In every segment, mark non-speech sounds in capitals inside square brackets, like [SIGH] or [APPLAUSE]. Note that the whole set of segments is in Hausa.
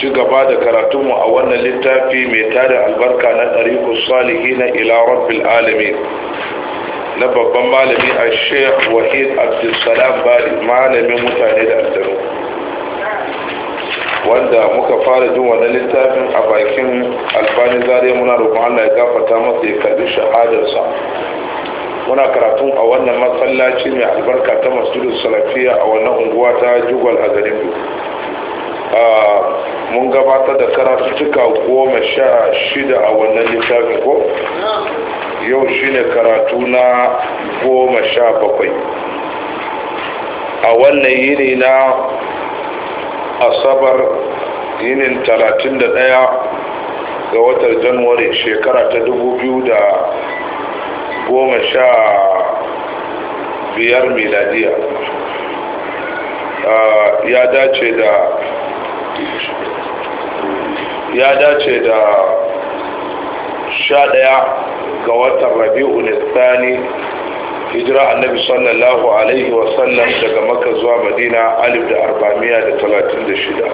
ci gaba da karatunmu a wannan littafi mai tada albarka na ɗariƙun salihi na ila rabbil na babban malami a sheikh wahid abdulsalam bali malamin mutane da aljanu wanda muka fara jin wannan littafin a bakin albani zariya muna roƙon allah ya gafata masa ya karbi shahadarsa muna karatun a wannan masallaci mai albarka ta masjidin salafiya a wannan unguwa ta jugwal a garin a mun gabatar da karatuka goma sha shida a wannan littafin ko yau shine karatu na goma sha bakwai a wannan yini na asabar yinin talatin da ɗaya ga watan januwari shekara ta dubu biyu da goma sha biyar miladiya ah, ya dace da ya dace da sha ɗaya ga watan rabi'u nisani hijira annabi sallallahu alaihi wasallam daga maka zuwa madina alif da arba'amiya da talatin da shida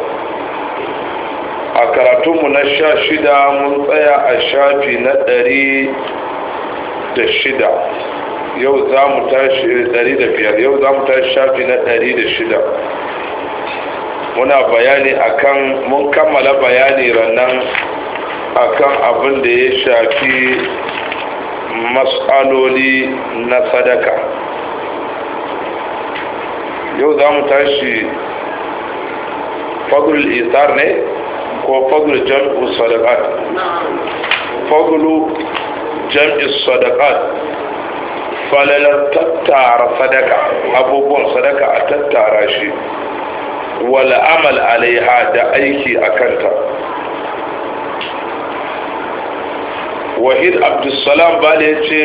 a karatunmu na sha shida mun tsaya a shafi na ɗari da shida yau za mu tashi ɗari da biyar yau za mu tashi shafi na ɗari da shida muna bayani akan mun kammala bayani rannan akan abin da ya shafi mas'aloli na sadaka yau za mu tashi fagul isar ne ko fagul jam'u sadaqat fagulu jam'u sadaqat falalar tattara sadaka abubuwan sadaka a tattara shi wal'amal amal alaiha da aiki a kanta wahid abdulsalam ba ya ce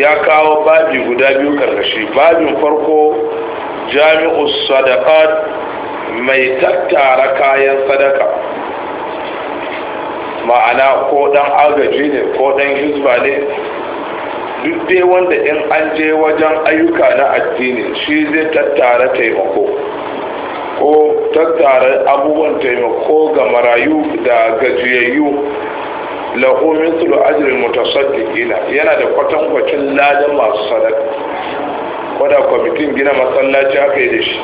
ya kawo babi guda biyu karkashi babin farko jami'u sadaqat mai tattara kayan sadaka ma'ana ko dan agaji ne ko dan hizba ne duk dai wanda in an je wajen ayyuka na addini shi zai tattara taimako ko tattara abubuwan taimako ga marayu da gajiyayyu lahu mithlu ajrin mutasaddiqina yana da kwatankwacin ladan masu sadaka koda kwamitin gina masallaci aka yi da shi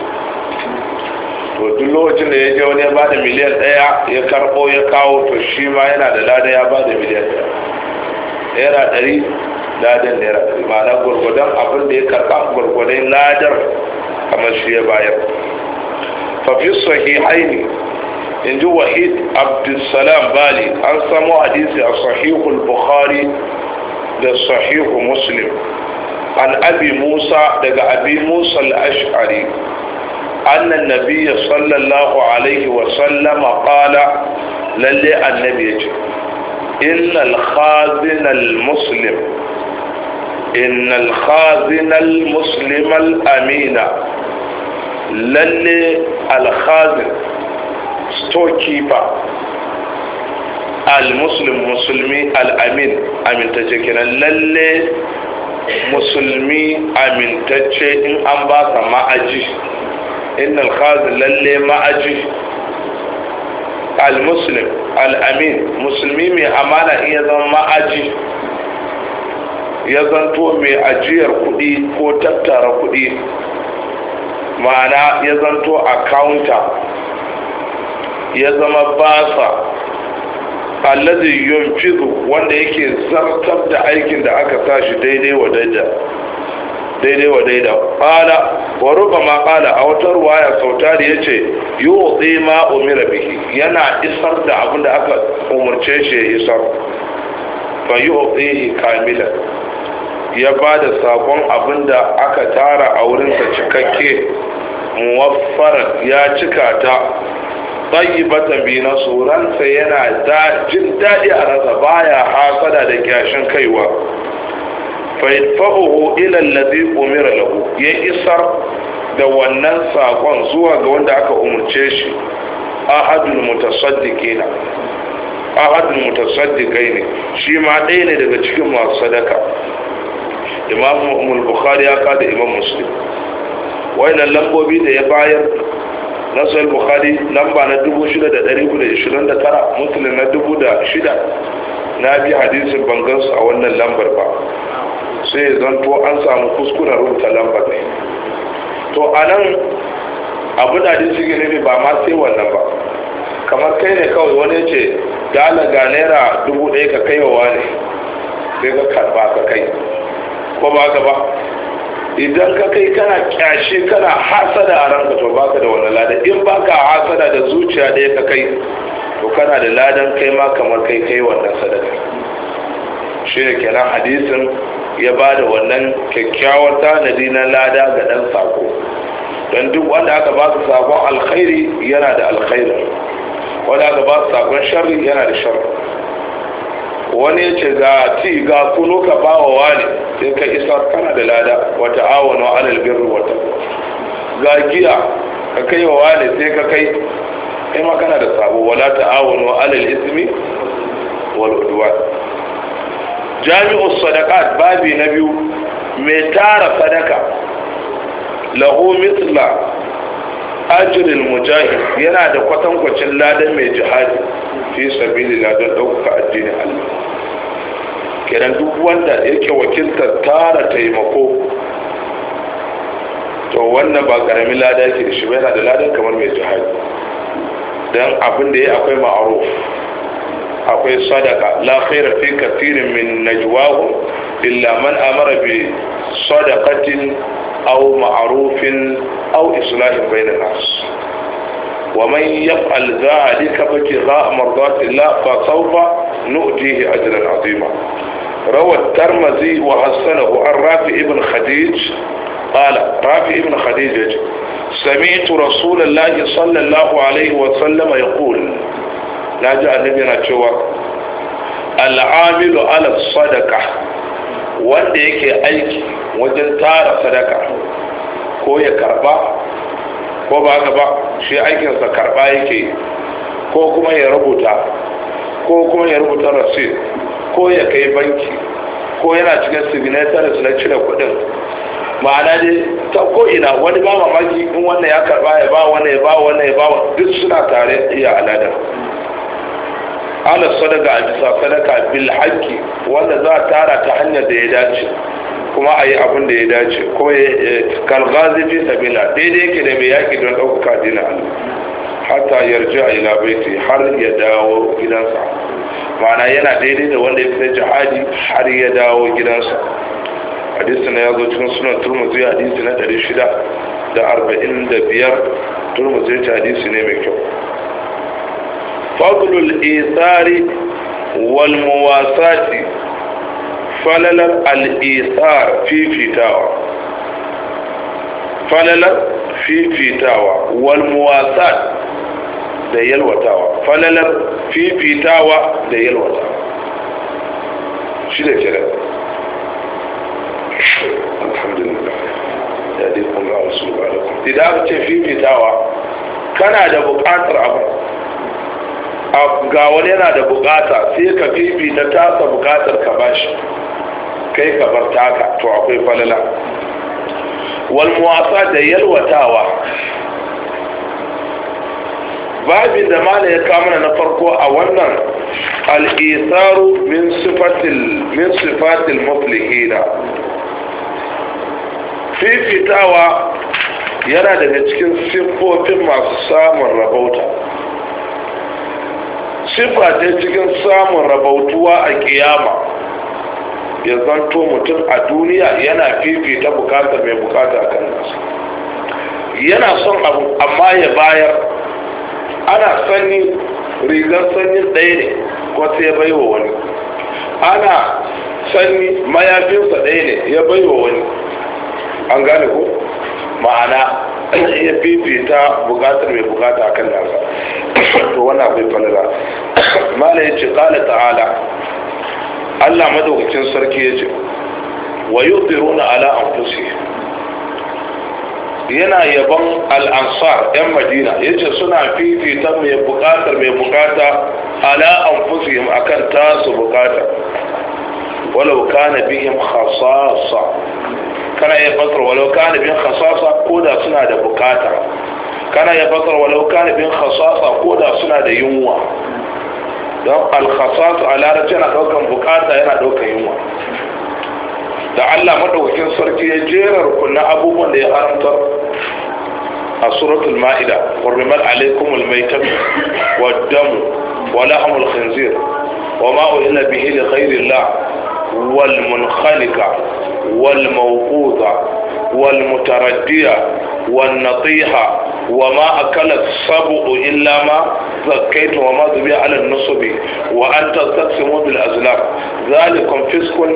to duk lokacin da ya je wani ya bada miliyan ɗaya ya karɓo ya kawo to shi ma yana da ladan ya bada miliyan ɗaya naira ɗari ladan naira ɗari ma'ana gwargwadon abin da ya karɓa gwargwadon ladar kamar shi ya bayar fafi sahihaini in ji wahid abdulsalam bali an samo hadisi a sahihul bukhari da sahihu muslim an abi musa daga abi musa al-ash'ari أن النبي صلى الله عليه وسلم قال للي النبي إن الخازن المسلم إن الخازن المسلم الأمين lalle alhazin storekeeper al-muslim musulmi al-amin amintacce kenan lalle musulmi amintacce in an ba ka ma'aji In alhazin lalle ma'aji al-muslim al-amin musulmi mai amana iya zama ma'aji ya zanto mai ajiyar kuɗi ko tattara kuɗi ma'ana ya zanto kaunta ya zama basa alladhi yunfidu wanda yake zartar da aikin da aka tashi daidai wa daida daidai wa daida ala wa ma ala a wata ruwaya sautari yace yu'ti ma umira bihi yana isar da abin da aka umurce shi ya isar fa yu'tihi kamilan ya ba da sakon abin da aka tara a wurinsa cikakke muwaffar ya cika ta tsayibatan bi na tsoronsa yana jin daɗi a rasa baya hasada da kyashin kaiwa fa'ifahu ilal ladhi umira lahu ya isar da wannan sakon zuwa ga wanda aka umarce shi ahadul mutasaddiqina kai ne shi ma ɗaya ne daga cikin masu sadaka Imam imamu bukhari ya kada imam muslim nan lambobi da ya bayar na sahih bukhari lamba na 6629 muslim na 6000 na bi hadisin su a wannan lambar ba sai ya zanto an samu kuskura rubuta lambar ne to a nan abu da hadisi gani ne ba ma sai wannan ba kamar kai ne kawai wani ce dala ga naira dubu ɗaya ka kai wa ne sai ka karba ka kai ko ba ka ba idan ka kai kana kyashe kana hasada a ranka to ba ka da wani lada in baka hasada da zuciya ɗaya ka kai to kana da ladan kai ma kamar kai kai wannan sadaka shi ne kenan hadisin ya ba da wannan kyakkyawar tanadi na lada ga ɗan sako don duk wanda aka ba su sakon alkhairi yana da alkhairi wanda aka ba su sakon sharri yana da sharri wani ya ce ga ci ga kuno ka ba wa wani sai ka isa kana da lada wata awon wa alal birru wata ga giya ka kai wa wani sai ka kai kai ma kana da sabo wala ta awon wa alal ismi wal udwan jami'u sadaqat babi na biyu mai tara sadaka lahu mithla ajiril mujahid yana da kwatankwacin ladan mai jihadi fi sabili ladan ɗaukaka addinin allah kenan duk wanda yake wakiltar tara taimako to wannan ba ƙaramin lada yake da shi ba yana da ladan kamar mai jihadi don abin da ya akwai ma'aruf akwai sadaka la khaira fi kathirin min najwahu illa man amara bi sadaqatin aw ma'rufin أو إصلاح بين الناس ومن يفعل ذلك ابتغاء مرضات الله فسوف نؤتيه أجرا عظيما روى الترمذي وحسنه عن رافع بن خديج قال رافع بن خديج سمعت رسول الله صلى الله عليه وسلم يقول لا جاء النبي نتوى العامل على الصدقة وديك أيك aiki صدقه ko ya karba ko ba haka ba shi aikinsa karba yake ko kuma ya rubuta ko kuma ya rubuta rasid ko ya kai banki ko yana cikin signatories na cire kudin ma'ana dai ta ina wani ba mamaki in wannan ya karba ya ba wani ya ba wani ya ba duk suna tare iya aladar ala sadaka a bisa sadaka bil haƙƙi wanda za a tara ta hanyar da ya dace kuma a yi abin da ya dace ko kalgazi fi sabila daidai yake da mai yaƙi don ɗaukaka dina hatta yarji a ila baiti har ya dawo gidansa ma'ana yana daidai da wanda ya fita jihadi har ya dawo gidansa hadisi na ya zo cikin sunan turmuzi hadisi na 645 turmuzi ta hadisi ne mai kyau fadlul isari wal muwasati falalar al'isar fifitawa falalar fifitawa wal da yalwatawa falalar fifitawa da yalwatawa shi da kira alhamdulillah ya dai kun ga wasu ba da idan aka ce fifitawa kana da buƙatar abu ga wani yana da bukata sai ka na tasa bukatar ka bashi kai ka bar taka to akwai falala wal muwasa da yalwatawa babin da mala ya kama na farko a wannan al'isaru min sifatil maflihina fifitawa yana daga cikin siffofin masu samun rabauta sifa ta cikin samun rabautuwa a kiyama ya zanto mutum a duniya yana fifita bukata mai bukata kan nasu yana son abu amma ya bayar ana sanyi rigar sanyin ɗaya ne ko sai ya baiwa wani ana sanyi mayafinsa ɗaya ne ya baiwa wani an gane ko ma'ana ya fifita bukatar mai bukata akan nasa to wannan akwai falala mala ya ce kala ta'ala allah madaukakin sarki ya ce wa yudiruna ala anfusihim yana yaban al'ansar 'yan madina ya ce suna fifita mai bukatar mai bukata ala an fusihim a kan tasu bukata walau kana bihim khasasa kana iya fasar walau kana bin khasasa ko da suna da bukata kana iya fasar walau kana bin khasasa ko da suna da yunwa don alkhasasu a larabci yana daukan bukata yana daukan yunwa da allah maɗaukakin sarki ya jera rukunan abubuwan da ya haramtar a suratul ma'ida hurrimat alaikum almaitam waddam wa lahmul khinzir wa ma uhilla bihi li ghayri allah wal munkhaliqa والموقوظة والمتردية والنطيحة وما أكلت صبع إلا ما زكيت وما ذبي على النصب وأنت تقسم بالأزلام ذلكم فسق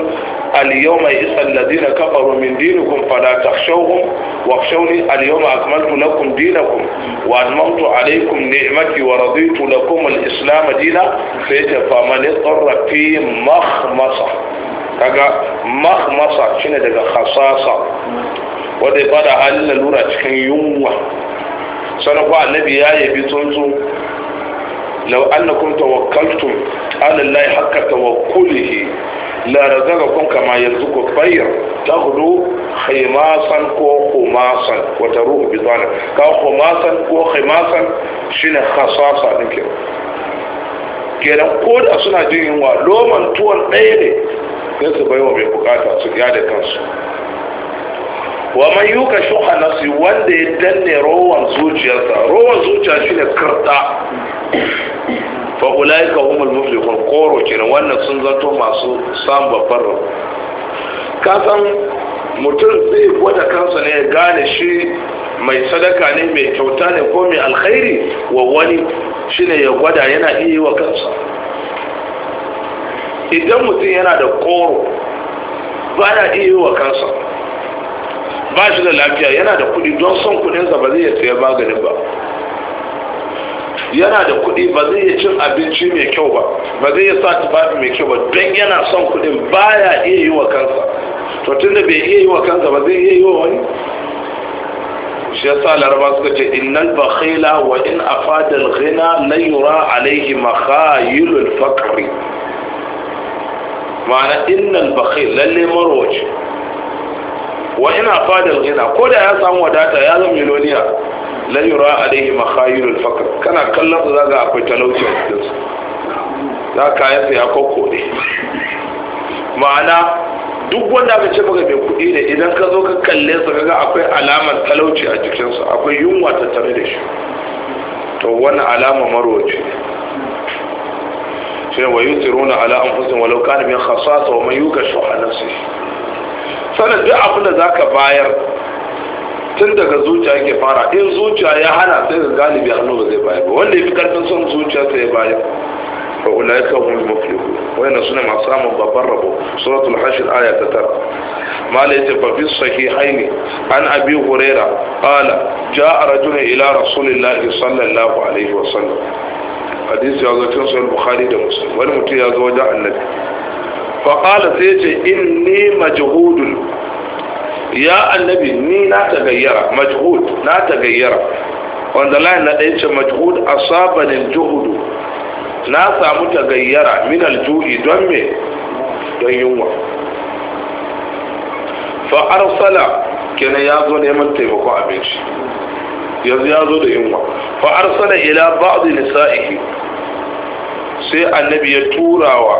اليوم يئس الذين كفروا من دينكم فلا تخشوهم واخشوني اليوم أكملت لكم دينكم وأتممت عليكم نعمتي ورضيت لكم الإسلام دينا فمن اضطر في مخمصة kaga mahmasa shine daga khasasa wanda ya fada halin lalura cikin yunwa sanar ba annabi ya yabi tsuntsu law annakum tawakkaltum ala allahi haqqa tawakkulihi la kun kama yarzuqu ta hudu khimasan ko khumasan wa taruhu bitana ka khumasan ko khimasan shine khasasa din kenan kenan ko da suna jin yunwa loman tuwon ɗaya ne sai su bai wa mai bukata su ya da kansu wa man yuka shuha su wanda ya danne rowan zuciyarsa rowan zuciya shine karda fa ulaika humul muflihun koro kenan wannan sun zato masu samun babbar ka san mutum zai gwada kansa ne ya gane shi mai sadaka ne mai kyauta ne ko mai alkhairi wa wani shi ne ya gwada yana iya yi wa kansa idan mutum yana da koro ba na iya yi wa kansa ba shi da lafiya yana da kudi don son kudinsa ba zai tsaye maganin ba yana da kudi ba zai iya cin abinci mai kyau ba ba zai iya sa tufafi mai kyau ba don yana son kudin ya iya yi wa kansa to tun da bai iya yi wa kansa ba zai iya yi wa wani shi sa laraba suka ce innal bakhila wa in afadal ghina layura alaihi alayhi makhayilul faqri ma'ana innal bakhil lalle marwaci wa ina fadal gina ko da ya samu wadata ya zama miloniya la yura alaihi makhayilul fakr kana kallon su zaga akwai talauci a cikin za ka yi ya kokkode ma'ana duk wanda aka ce baka mai kuɗi ne idan ka zo ka kalle su kaga akwai alamar talauci a jikinsu akwai yunwa tattare da shi to wannan alama marwaci ne sai wa yusiruna ala anfusihim walau kana min khasasa wa man yukashu an nafsihi sanan duk abinda za ka bayar tun daga zuciya yake fara in zuciya ya hana sai ga galibi hannu ba zai bayar ba wanda ya fi karfin son zuciya sai ya bayar ba, fa ulai ka hum muflihu wayna suna masu samun babban rabo suratul hashr aya ta tara mala yace fa fi sahihain an abi huraira qala jaa rajulun ila rasulillahi sallallahu alaihi wa sallam. hadisi ya zo cikin sahih bukhari da muslim wani mutum ya zo wajen annabi fa qala sai ya ce inni majhudun ya annabi ni na ta gayyara, majhud na ta gayyara. wanda layin na ɗaya ce majhud asabanin juhudu na samu ta gayyara min alju'i don me don yunwa fa arsala kenan ya zo neman taimakon abinci yanzu ya zo da yunwa fa arsala ila ba'd nisa'ihi sai annabi ya turawa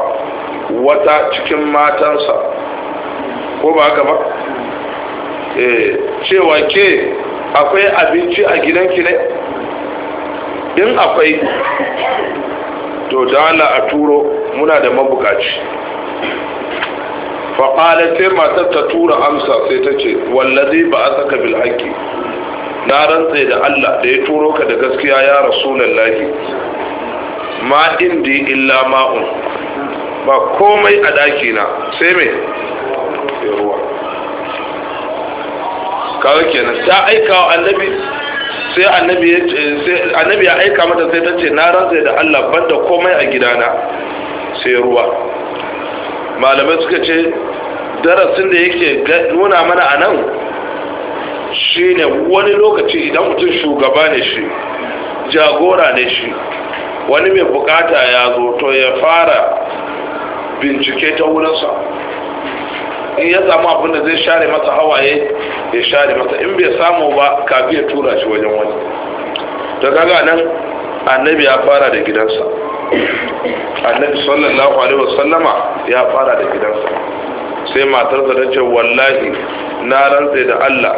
wata cikin matansa ko ba haka ba eh cewa ke akwai abinci a gidanki ne in akwai to dala a turo muna da mabukaci faƙalar sai matar ta tura amsa sai ta ce wallazi ba a saka bilhaki na rantse da Allah da ya turo ka da gaskiya ya rasulullahi ma indi illa ma'un ba komai a daki na sai me ruwa kawai kenan ta aika wa annabi sai annabi ya aika mata sai ta ce na rantse da Allah banda komai a gidana sai ruwa malamai suka ce darasin da yake nuna mana a nan shine wani lokaci idan mutum shugaba ne shi jagora ne shi wani mai bukata ya zo to ya fara bincike ta wurinsa in ya samu abin da zai share masa hawaye ya share masa in bai samu ba kafin ya tura shi wajen wani da kaga nan annabi ya fara da gidansa annabi sallallahu alaihi wasallama ya fara da gidansa sai matar ta ce wallahi na rantse da Allah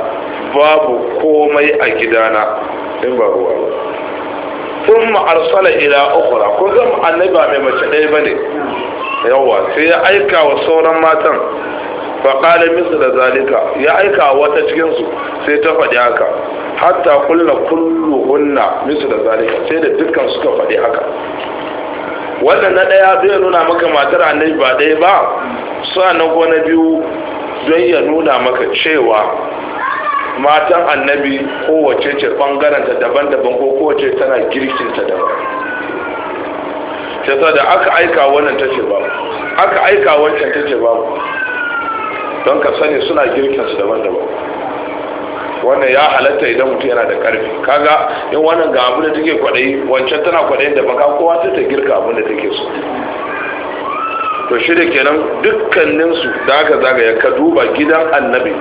babu komai a gidana in ba ruwa ba sun ma'arsala ila ukura ko zan annaba mai mace ɗaya ba ne yawa sai ya aika wa sauran matan faƙalin misu da zalika ya aika wata cikinsu sai ta faɗi haka hatta kulla kullu hunna misu da zalika sai da dukkan suka faɗi haka wannan na ɗaya zai nuna maka matar annabi ba ɗaya ba sa'annan na biyu don ya nuna maka cewa matan annabi kowace ce bangaranta daban-daban ko kowace tana girkinta daban ta da aka aika wannan ta ce babu aka aika wancan ta ce babu don ka sani suna girkinsu daban-daban wannan ya halatta idan mutum yana da karfi kaga in wannan ga abin da take kwaɗayi wancan tana kwaɗayin da baka kowa ta ta girka abin da take so to shi da kenan dukkaninsu da aka ya ka duba gidan annabi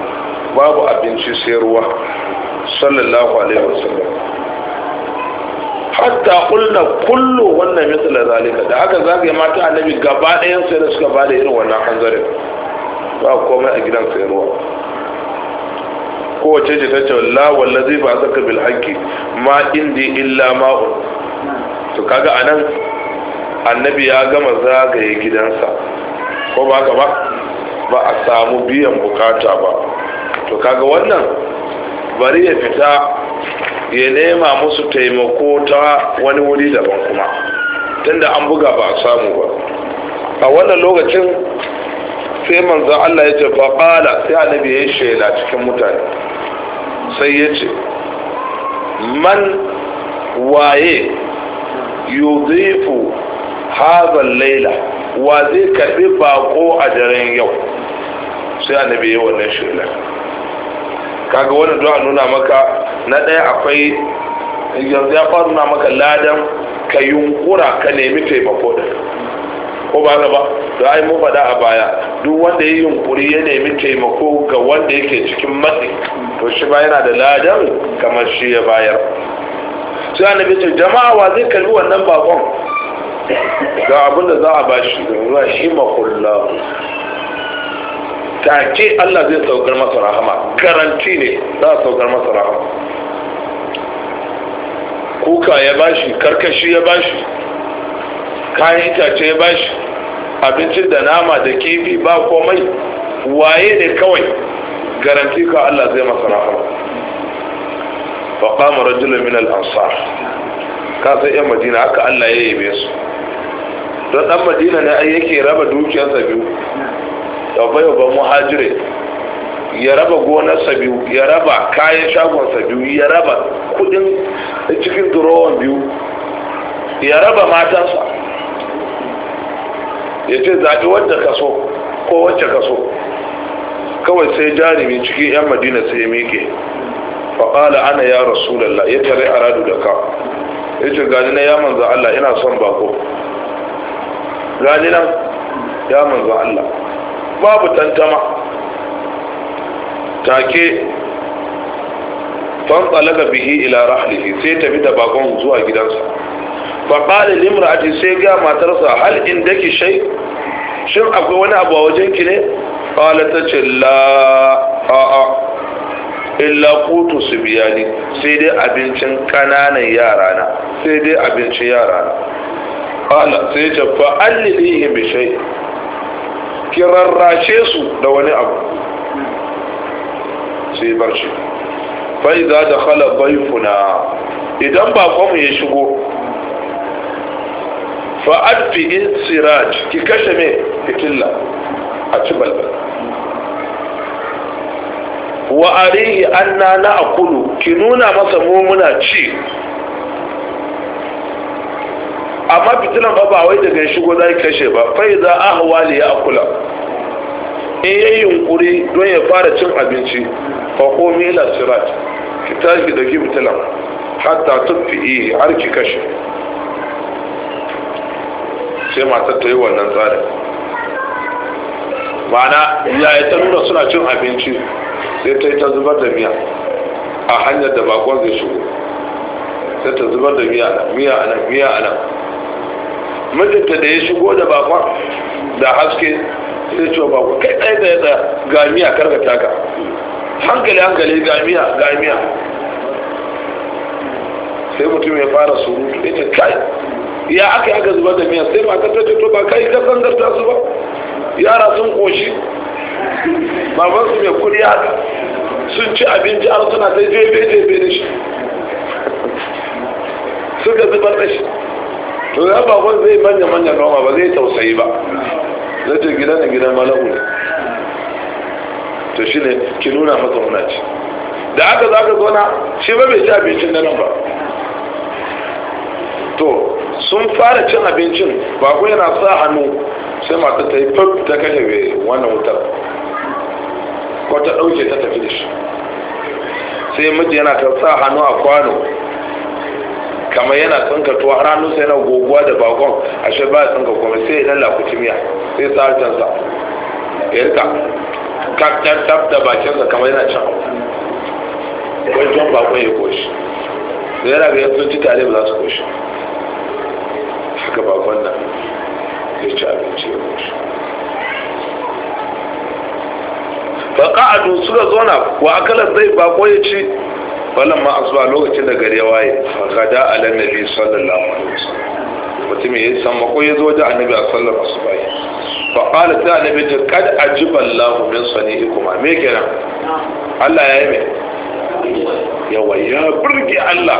babu abinci sai ruwa sallallahu alaihi wasallam hatta kulna kullu wannan mithla zalika da zaka yi mata annabi gaba ɗayan sai da suka bada irin wannan hanzarin ba komai a gidan sai ruwa kowace ce ta ce la wallazi ba zaka bil haqqi ma indi illa ma'u to kaga anan annabi ya gama zagaye gidansa ko ba ka ba ba a samu biyan bukata ba to kaga wannan bari ya fita ya nema musu taimako ta wani wuri daban kuma tunda an buga ba a samu ba a wannan lokacin sai manzo Allah ya ce qala sai annabi ya shela cikin mutane sai ya ce man waye yuzifu hazan laila wa zai karbi bako a daren yau sai annabi ya wannan shela kaga wannan du'a nuna maka na ɗaya akwai yanzu ya fara nuna maka ladan ka yunkura ka nemi taimako da ko ba ba da ai mu faɗa a baya duk wanda ya yunkuri ya nemi taimako ga wanda yake cikin matsi to shi ba yana da ladan kamar shi ya bayar sai annabi ce jama'a wa zai karbi wannan bakon ga abin za a bashi ruwa shi makullahu take Allah zai saukar masa rahama garanti ne za a saukar masa rahama kuka ya bashi karkashi ya bashi kayan itace ya bashi abincin da nama da kifi ba komai waye ne kawai garanti ka Allah zai masa rahama fa qama rajulun min al-ansar ka sai yan madina haka Allah ya yabe su don dan madina ne ai yake raba dukiyarsa biyu da bai ba muhajire ya raba gonarsa biyu ya raba kayan shagonsa biyu ya raba kudin cikin durowan biyu ya raba matansa ya ce zaɓi wadda so ko wacce ka so. kawai sai jarumi cikin 'yan madina sai ya miƙe faƙala ana ya rasulallah ya tare a radu da ka ya ce gani na ya manza Allah ina son bako gani nan ya manza Allah babu tantama take fantsalaka bihi ila rahlihi sai tafi da bakon zuwa gidansa faƙali limra'ati sai ga matarsa hal inda ki shai shin akwai wani abu a wajen ki ne ƙwala ta ce la'a illa kutu su biya ni sai dai abincin ƙananan yara na sai dai abincin yara na ƙwala sai ce fa'allilihim bi ki rarrashe su da wani abu sai barci bai za da khala baifuna idan bakonmu ya shigo fa'adfi in siraj ki kashe me fitilla a ci balbal wa arihi na ki nuna masa mu muna ci amma fitilan ba ba wai daga shigo za kashe ba fai za a hawa ya akula in ya yi yunkuri don ya fara cin abinci fa komi ila sirat ki tashi ki fitilan hatta tuffi har ki kashe sai matar ta yi wannan tsarin ya yi ta nuna suna cin abinci sai ta yi ta zubar da miya a hanyar da bakon zai shigo sai ta zubar da miya miya a nan miya a nan mijinta da ya shigo da bakon da haske sai ce ku kai tsaye tsaye tsaye ga miya karkata ka hankali hankali ga miya ga miya sai mutum ya fara surutu ya ce kai ya aka yi aka zuba da miya sai ba ta ce to ba kai ka zangarta su ba yara sun koshi baban su mai kuri haka sun ci abinci har suna ta jebe jebe da shi suka zubar da shi to ya ba kwan zai manya manya noma ba zai tausayi ba zai ce gidan da gidan malamu ne to shi ne ki nuna masa muna ci da aka za ka zona shi ba bai ci abincin na nan ba to sun fara cin abincin ba ku yana sa hannu sai mata ta yi fab ta kashe wannan wutar ko ta ɗauke ta tafi da shi sai miji yana ta sa hannu a kwano kamar yana tsinka tuwa ranar sai na goguwa da bakon shi ba ya tsinka kuma sai ya dalla kutumiya sai sarjansa ya rika kakdar tab da bakinsa kamar yana can wajen bakon ya koshi da yana ga yanzu ji tare ba za su koshi haka bakon nan ya ci abinci ya koshi ba ka a dusu da zona wa akalar zai bako ya ci falan ma zuwa lokacin da gari ya waye a gada ala nabi sallallahu alaihi wasallam mutum ya san ko ya zo da annabi sallallahu alaihi wasallam fa qala ta annabi ta kad ajiba Allah min sani'ikum me kenan Allah ya yi me yawa ya burge Allah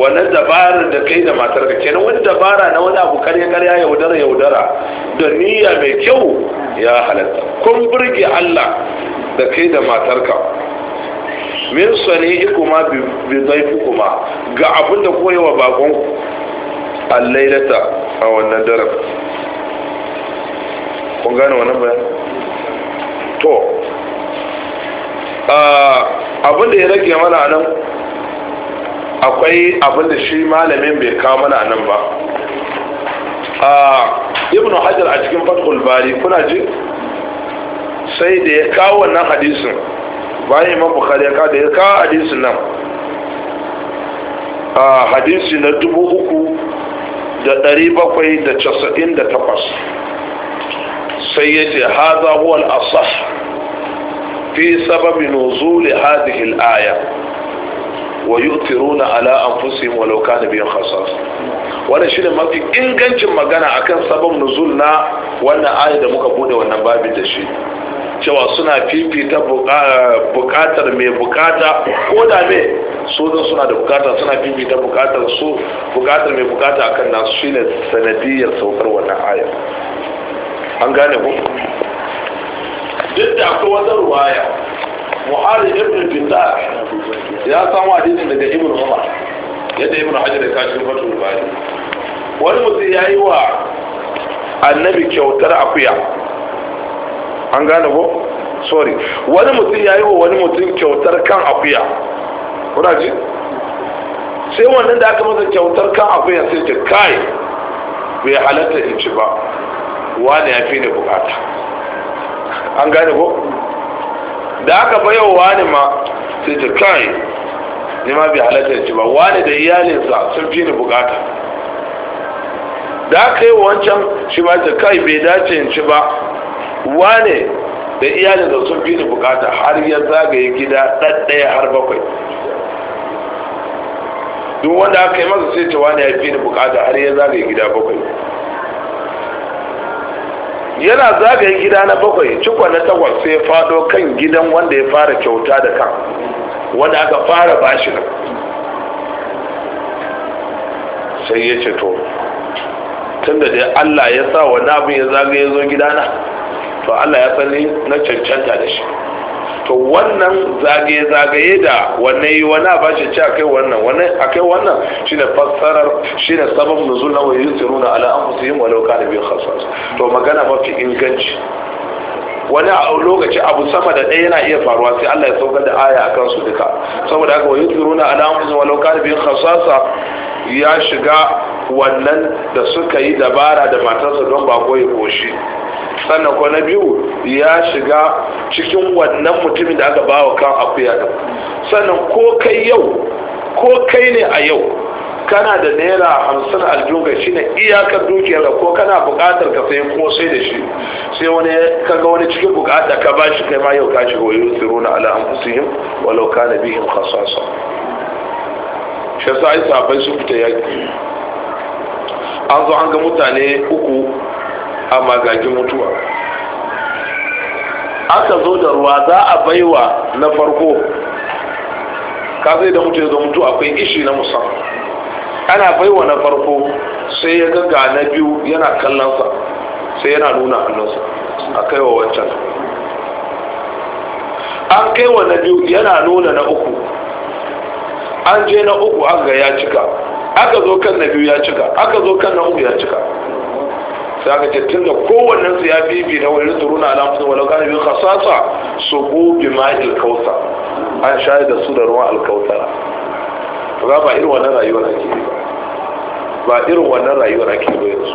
wani dabarar da kai da matar ka kenan wani dabara na wani abu karya karya yaudara yaudara da niyya mai kyau ya halatta kun burge Allah da kai da matar ka min sani ikuma bi zaifi kuma ga abin da koyi wa bakon allailata a wannan daren kun gane wannan bayan to ah, abin da ya rage mana nan akwai abin da shi malamin bai kawo mana nan ba ah, ibnu hajar a cikin fatul bari kuna ji sai da ya kawo wannan hadisin bayan imam bukhari ya kada ya ka nan a hadisi na dubu uku da ɗari bakwai da casa'in da takwas sai ya ce haza huwa al'asah fi sababi nuzuli hadihil aya wa yu'thiruna ala anfusihim walau kana bihim khasas wannan shine mafi ingancin magana akan sabab nuzul na wannan aya da muka bude wannan babin da shi cewa suna fifita bukatar mai bukata ko da me sojin suna da bukata suna fifita bukatar su bukatar mai bukata akan nasu shine sanadiyar saukar wannan aya an gane ku duk da akwai wata ruwaya muhari ibn bindar ya samu hadisin daga ibn umar yadda ibn hajar ya kashi fatul bari wani mutum ya yi wa annabi kyautar akuya an gane ko sorry wani mutum ya yi wa wani mutum kyautar kan akuya kuna ji sai wannan da aka masa kyautar kan akuya sai ce kai bai halatta in ci ba wani ya fi ne bukata an gane ko da aka bayo wani ma sai ta kai ni ma bai halatta ci ba wani da iyalinsa sun fi ni bukata da aka yi wancan shi ma ta kai bai dace in ci ba wani da iyalinsa sun fi ni bukata har ya zagaye gida ɗaɗɗaya har bakwai duk wanda aka yi masa sai ta wani ya fi ni bukata har ya zagaye gida bakwai yana zagaye gida na bakwai cikwa na takwas sai ya fado kan gidan wanda ya fara kyauta da kan wanda aka fara bashi nan sai ya ce to tunda dai Allah ya sa wani abin ya zagaye zo gidana to Allah ya sani na cancanta da shi to wannan zagaye-zagaye da wannan yi wani bashi ci akai wannan a akai wannan shine fassarar shine sabab nuzul na wayyun siruna ala anfusihim walau kana bi khasas to magana mafi inganci wani a lokaci abu sama da ɗaya yana iya faruwa sai Allah ya saukar da aya akan su duka saboda haka na siruna ala anfusihim walau kana bi khasasa ya shiga wannan da suka yi dabara da matarsa don bako ya koshi sannan ko na biyu ya shiga cikin wannan mutumin da aka bawa kan akuya da sannan ko kai yau ko kai ne a yau kana da naira hamsin shi ne iyakar dukiyar ko kana bukatar ka sayi ko sai da shi sai wani kaga wani cikin bukata ka bashi kai ma yau ka shiga wayo siruna ala anfusihim walau kana bihim khasasa shi sa ai sahabbai su fita yaki an zo an ga mutane uku a magagin mutuwa aka zo da ruwa za a baiwa na farko ka zai da mutu ya zo mutu akwai ishi na musamman ana baiwa na farko sai ya ga na biyu yana kallonsa sai yana nuna hannunsa a kai wa wancan an kai wa na biyu yana nuna na uku an je na uku aka ga ya cika aka zo kan na biyu ya cika aka zo kan na uku ya cika sai aka ce tunda kowannen su ya bibi na wani turuna na musu wala gani biyu kasasa su gobe ma kausa an shayar da su da ruwan alkautara ba ba irin wannan rayuwar ake yi ba ba irin wannan rayuwar ake yi yanzu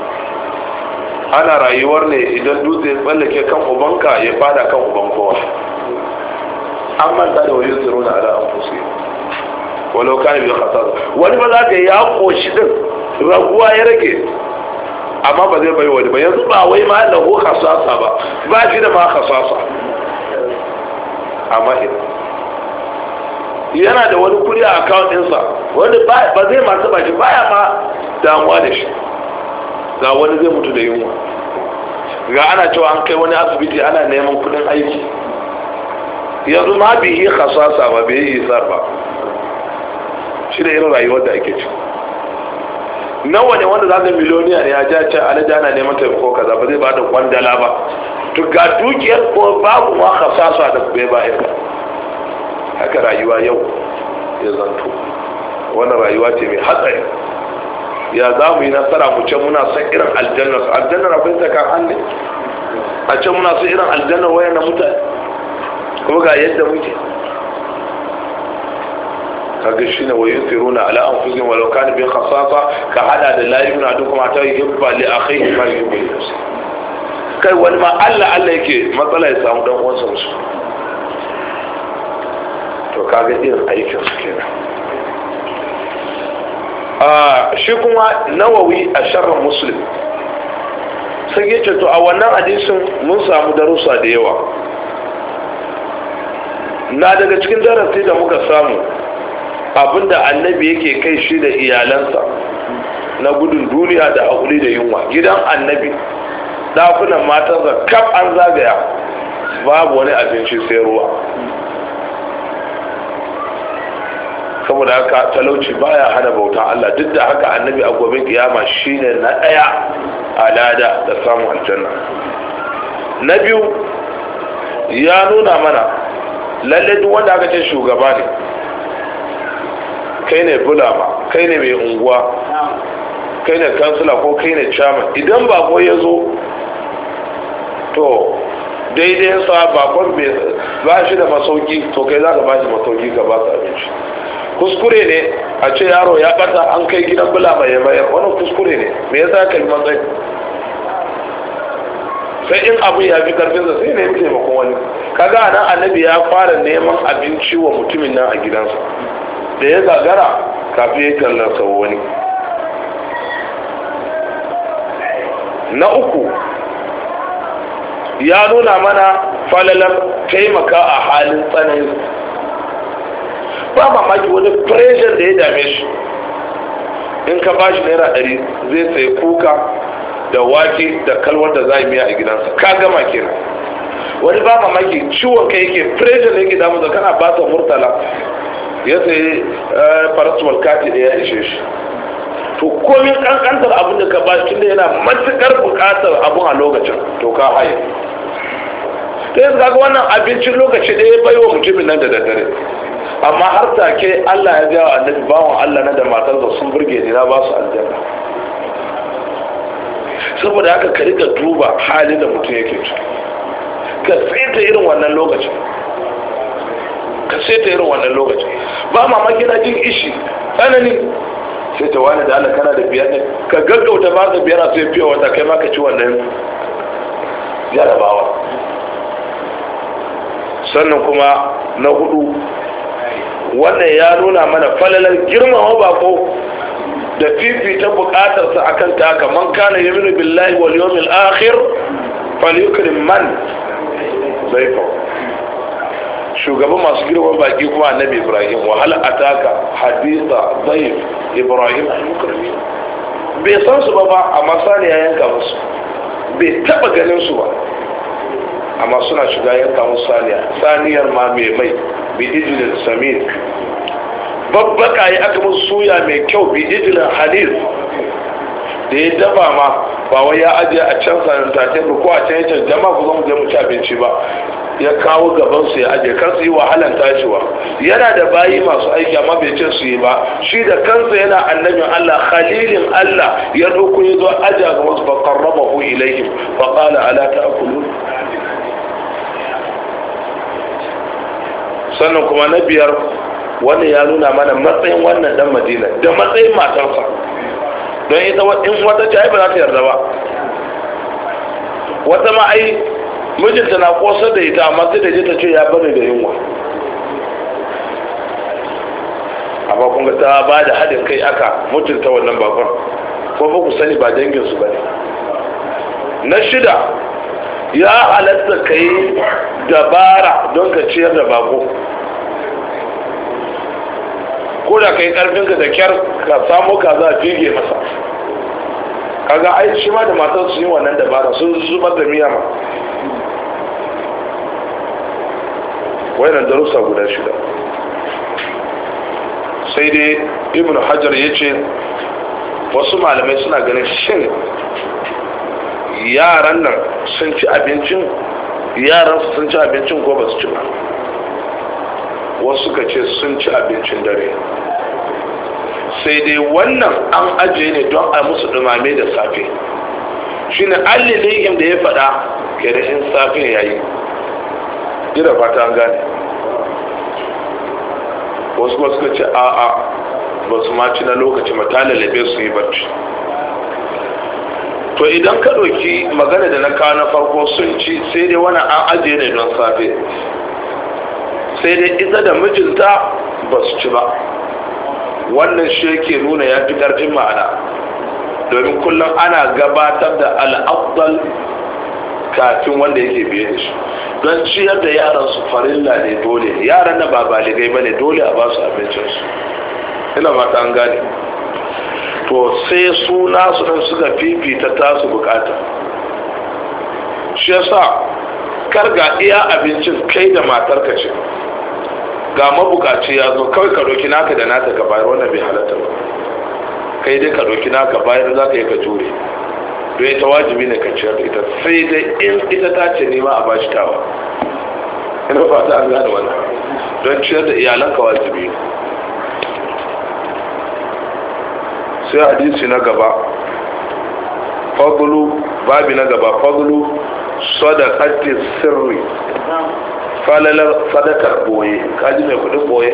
ana rayuwar ne idan dutse ya tsallake kan ubanka ya fada kan uban kowa an manta da wani turuna ala musu walau kana biyu hasara wani ba za ka ya koshi din raguwa ya rage amma ba zai bai wani ba yanzu ba wai ma lahu hasasa ba ba shi da ma hasasa amma ina yana da wani kuri a account ɗinsa wani ba zai masu ba shi baya ma damuwa da shi ga wani zai mutu da yunwa ga ana cewa an kai wani asibiti ana neman kudin aiki yanzu ma bihi yi hasasa ba bai yi isar ba shi da irin rayuwar da ake ci nawa ne wanda za ta miliyoniya ne ya ja can alaji na neman ko kaza ba zai ba da kwandala ba to ga dukiyar ko babu ma hasasa da ba bayar haka rayuwa yau ya zanto wannan rayuwa ce mai hatsari ya za mu yi nasara mu ce muna son irin aljanna su aljanna na fahimta kan an ne a ce muna son irin aljanna waya na mutane kuma ga yadda muke kaga ne wayin na ala anfusihim walau kana bi khasasa ka hada da la yuna ta yi yuhibba li akhihi ma yuhibbu li nafsihi kai wani ma Allah Allah yake matsala ya samu dan uwansa musu to kaga irin aikin su ke a shi kuma nawawi a sharrin muslim sai ya ce to a wannan hadisin mun samu darussa da yawa na daga cikin darasi da muka samu abinda annabi yake kai shi da iyalansa na gudun duniya da haƙuri da yunwa gidan annabi dakunan matansa kaf an zagaya babu wani abinci sai ruwa saboda haka talauci baya hana bauta Allah duk da haka annabi a gobe kiyama shine na daya alada da samun aljanna na biyu ya nuna mana lalle duk wanda aka ce shugaba ne kai ne bulama kai ne mai unguwa kai ne kansila ko kai ne chairman idan bako ya zo to daidai sa bakon ba shi da masauki to kai za ka ba shi masauki ka ba su abinci kuskure ne a ce yaro ya bata an kai gidan bulama ya bayar wani kuskure ne me yasa kai matsayi sai in abu ya fi karfinsa sai ne taimakon wani kaga nan annabi ya fara neman abinci wa mutumin nan a gidansa da ya gagara kafin ya kallon wani na uku ya nuna mana falalar taimaka a halin tsanani ba mamaki wani pressure da ya dame shi in ka ba shi naira ɗari zai sai kuka da wake da kalwar da za miya a gidansa ka gama kenan wani ba mamaki ciwon ka yake pressure da yake damu da kana ba ta murtala ya sayi farasuwar eh, kati da ya ishe shi to komin kankantar abin da ka ba shi da yana matukar bukatar abin a lokacin to ka haye ta yanzu kaga wannan abincin lokaci da ya bai wa mutumin nan da daddare amma har take allah ya jawo annabi bawan allah na da matarsa sun burge ne na ba su aljanna saboda haka ka rika duba halin da mutum yake ciki ka tsita irin wannan lokacin ka sai ta irin wannan lokaci ba mamaki na jin ishi tsanani sai ta wani da Allah kana da biyar ne ka gaggauta ba ka biyar a sai fiye wata kai ma ka ci wannan jarabawa sannan kuma na hudu wannan ya nuna mana falalar girmama bako da fifita bukatarsa a kan taka, man kana yaminu billahi wal yawmil akhir falyukrim man zaifa shugaban masu girman baki kuma annabi ibrahim wahala ataka haditha zaif ibrahim al-mukarrami bai san su ba ba a masani ya yanka musu bai taba ganin su ba amma suna shiga yanka musu saniya saniyar ma mai mai bi ijilin samir babbaka yi aka musu suya mai kyau bi ijilin halil da ya dafa ma ba wai ya ajiye a can sanin take ko a can yace jama'a ku zo mu je mu ci abinci ba ya kawo gaban su ya ajiye kansu yi wahalan tashiwa yana da bayi masu aiki amma bai ce su yi ba shi da kansa yana annabin Allah khalilin Allah ya dauko ya zo aja ga wasu faqarrabahu ilayhim fa qala ala ta'kulun sannan kuma na biyar wannan ya nuna mana matsayin wannan dan Madina da matsayin matarsa don ita in wata ce ai ba za ta yarda ba wata ma ai mijinta na kosar da ita amma sai da ita ce ya bari da yunwa amma kun ga ta ba da haɗin kai aka mutunta wannan bakon ko ba ku sani ba danginsu ba ne na shida ya halatta kai dabara don ka ciyar da bako ko da karfin ka da kyar ka samu kaza fige masa kaga ai shi ma da matan su yi wannan dabara sun zubar da miya ma wayanan darussa guda shida sai dai ibn hajar ya ce wasu malamai suna ganin shin yaran nan sun ci abincin yaran su sun ci abincin ko ba su ci ba wasu suka ce sun ci abincin dare sai dai wannan an ajiye ne don a musu dumame da safe shi ne allilin da ya faɗa ke da in safe ya yi jira fata an gane wasu kuma ka ce a'a ba su maci na lokaci matalalabe su yi barci to idan ka ɗauki magana da na kawo na farko sun ci sai dai wani an ajiye ne don safe sai dai ita da mijinta ba su ci ba wannan shi yake nuna ya fi ƙarfin ma'ana domin kullum ana gabatar da al'abdal kafin wanda yake biye da shi don ciyar da yaran su farilla ne dole yaran da ba baligai ba ne dole a ba su abincinsu ina mata an gane to sai su nasu suka fifita tasu bukata shi yasa Kar ga iya abincin kai da matar ka ce ga mabukaci ya zo kawai ka doki naka da nata ka bayar wannan bai halatta ba kai dai ka doki naka bayar za ka yi ka jure don ita wajibi ne ka ciyar da ita sai dai in ita ta ce nema a bashi tawa ina fata an gane wannan don ciyar da iyalanka wajibi ne sai hadisi na gaba fagulu babi na gaba fagulu sadaqatis sirri falalar sadaka boye kaji mai kudin boye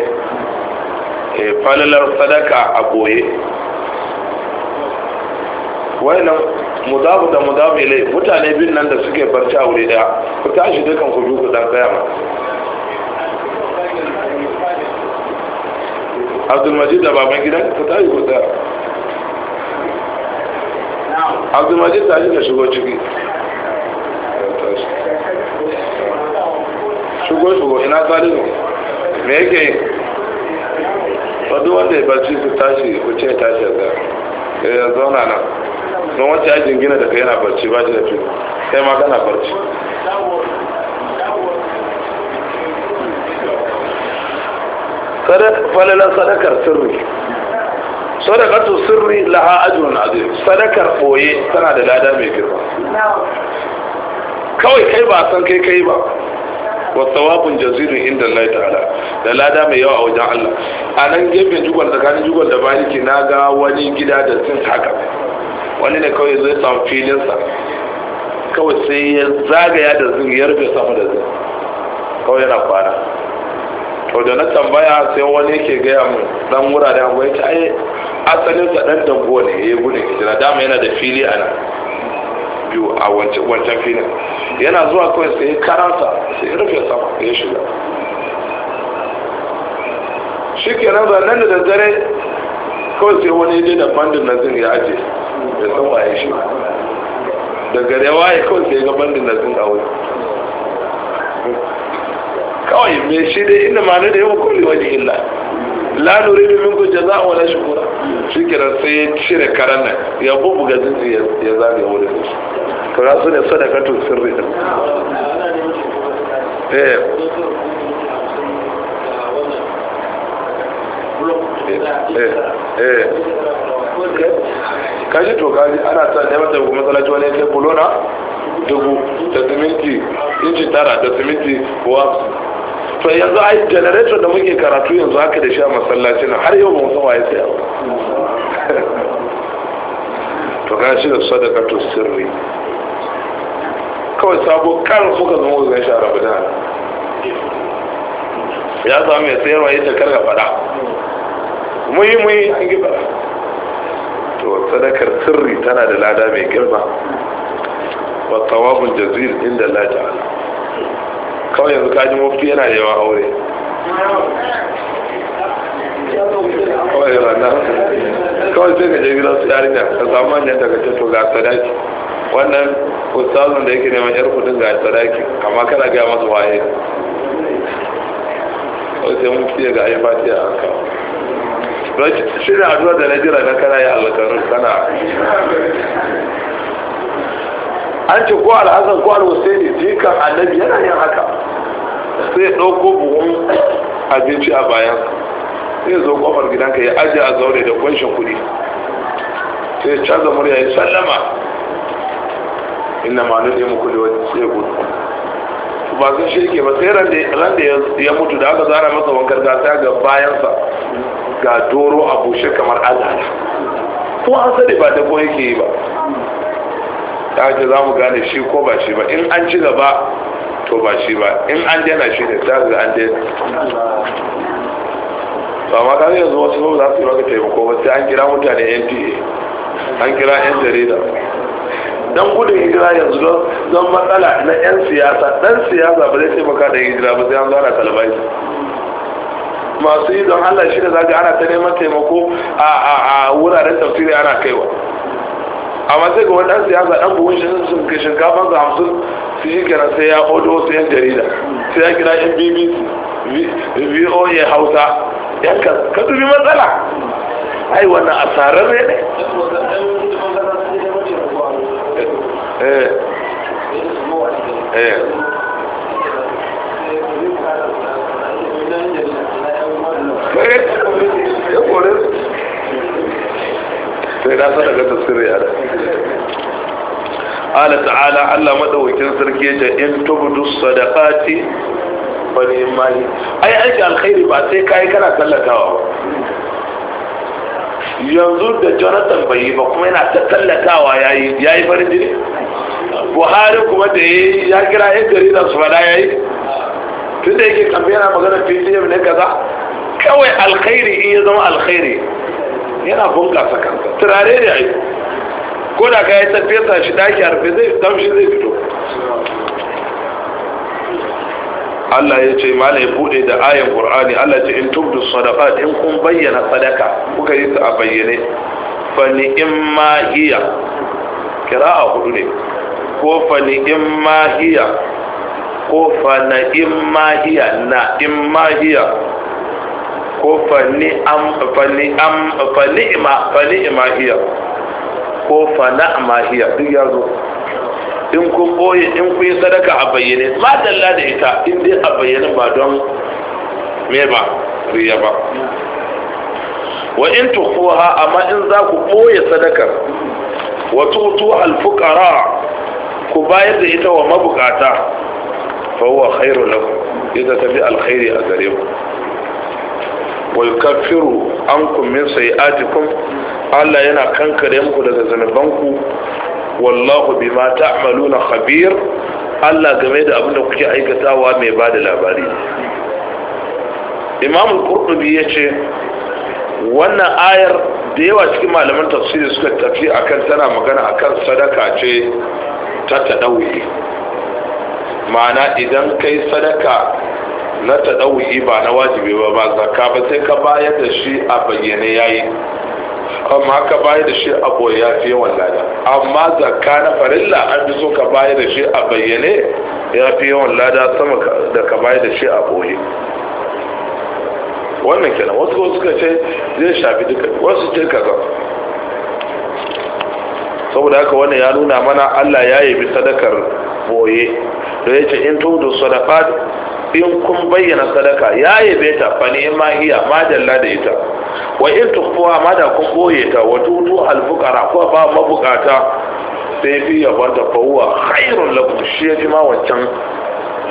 falalar sadaka a boye eh, wannan mudabu da mudabu ilai mutane bin nan da suke barci a wuri daya ku tashi dukan ku biyu ku dan tsaya ma abdulmajid da baban gidan ku tashi ku tsaya abdulmajid tashi ka shigo ciki farautar su shigo shigo ina salihu me yake yi wadda wanda ya barci su tashi wuce ya tashi da eh, ya zauna nan don wacce ajin gina da kai yana barci ba shi da fi kai ma kana barci Falilan sadakar sirri sadakatu sirri laha ajrun azim sadakar boye tana da lada mai girma kawai kai ba san kai kai ba wa sawabun jazirin inda Allah ta'ala da lada mai yawa a wajen Allah a nan gefen jugon tsakanin jugon da bariki na ga wani gida da sun haka wani ne kawai zai samu filinsa kawai sai ya zagaya da zin ya rufe sama da zin kawai yana kwana to da na tambaya sai wani ke gaya mu dan wuraren wai ta ai asalin sa dan dango ne ya gudu hijira dama yana da fili a nan biyu a wancan filin yana zuwa kawai sai karanta sai rufe sama ya shiga shi ke nan zanen da daddare kawai sai wani ya da bandin na zin ya aje da san waye shi da gare waye kawai sai ga bandin na zin a wuri kawai me shi dai inda ma da yawa kulli wani illa la nuridu minkum jazaa'an wala shukura shikenan sai ya cire karan nan ya bubuga zinzi ya zage wurin shi to rasu ne sadakatu sirri din eh eh, eh. kaji to kaji ana ta da mata kuma salaci wani ya kai bulona dubu da siminti inci tara da siminti ko hamsin to yanzu ai generator da muke karatu yanzu haka da sha masallaci na har yau ba mutum waye saya ba [LAUGHS] to ga shi da sadaka to sirri kawai sabo kan suka zama wajen shara bada ya zama mai sayarwa ya jakar ga fada muyi muyi an gida to sadakar sirri tana da lada mai girma wa tawabul jazil inda Allah ta'ala kawai yanzu kaji mafi yana da yawa aure kawai kawai sai ka je gidan su yarinya ka samu manyan daga tato ga sadaki wannan ustazun da yake neman yar kudin ga sadaki amma kana gaya masu waye kawai sai fiye ga ayi fati a haka shi a zuwa da na jira na kana yi alƙarin sana an ce ko alhassan ko alhussaini jikan annabi yana yin haka sai ɗauko buhun abinci a bayan sai zo kofar gidanka ya ajiye a zaune da kwanshin kuɗi sai canza murya ya sallama inna manu ne muku wani sai gudu ba sun shirke ba sai ran da ya mutu da aka zara masa wankar gasa ga bayansa ga doro a bushe kamar azala ko an sani ba da yake yi ba ta ce za mu gane shi ko ba shi ba in an ci gaba to ba shi ba in an dena shi ne ta ga an dena to amma kan yanzu wasu ba za su yi maka taimako ba sai an kira mutane nta an kira yan jarida dan gudun hijira yanzu don matsala na yan siyasa dan siyasa ba zai taimaka da hijira ba sai an zara talibai masu yi don allah shi da zaga ana ta neman taimako a wuraren tafsiri ana kaiwa amma sai ga wani ɗan siyasa ɗan buhun shinkafa su hamsin su shi kenan sai ya odo su yan jarida sai ya kira yan bbc voa hausa yan ka dubi matsala ai wannan asarar ne ne eh eh sai na sa daga tafsirin yara ala ta'ala Allah madaukakin sarki ya ce in tubdu sadaqati fa mali ai aiki alkhairi ba sai kai kana tallatawa yanzu da Jonathan bai yi ba kuma yana ta tallatawa yayi yayi farin jini Buhari kuma da ya kira gari da su fada yayi tunda yake kamfe yana magana PDM ne kaza kawai alkhairi in ya zama alkhairi yana bunƙasa kansa turare ne ai ko da ka yi tafesa shi daki harfe zai damshi zai fito Allah ya ce mala bude da ayin Qur'ani Allah ya ce in tubdu sadaqat in kun bayyana sadaka kuka yi su a bayyane fani in mahiya, kira a hudu ne ko fani in mahiya, ko fana in mahiya na in mahiya. ko fani am fani am hiya ko fana ma hiya duk ya zo in kun boye in kun yi sadaka a bayyane ma dalla da ita in dai a bayyane ba don me ba riya ba wa in tukhuha amma in za ku boye sadakar wa tutu al ku bayar da ita wa mabukata fa huwa khairu lakum idan tabi alkhairi a gare ku wa yukaffiru ankum min sayi'atikum Allah yana kankare muku daga zanubanku wallahu bima ta'maluna khabir Allah game da abin da kuke aikatawa mai ba da labari Imam al-Qurtubi yace wannan ayar da yawa cikin malaman tafsiri suka tafi akan tana magana akan sadaka ce ta tadawi ma'ana idan kai sadaka na taɗawu'i ba na wajibi ba ba zakka ba sai ka bayar da shi a bayyane yayi amma ka bayar da shi a boya ya fi yawan lada amma zakka na farilla an fi so ka bayar da shi a bayyane ya fi yawan lada sama da ka bayar da shi a boye wannan kenan wasu suka ce zai shafi duka wasu ce kaza saboda haka wannan ya nuna mana Allah ya yabi sadakar boye da yace in tudu sadaqat in kun bayyana sadaka ya yabe ta 'Fani in ma hiya ma da ita wa in tukfuha ma da kun boye ta wa tutu al ko ba mabukata sai fi yabanta fa huwa khairun lakum shi ya fi ma wancan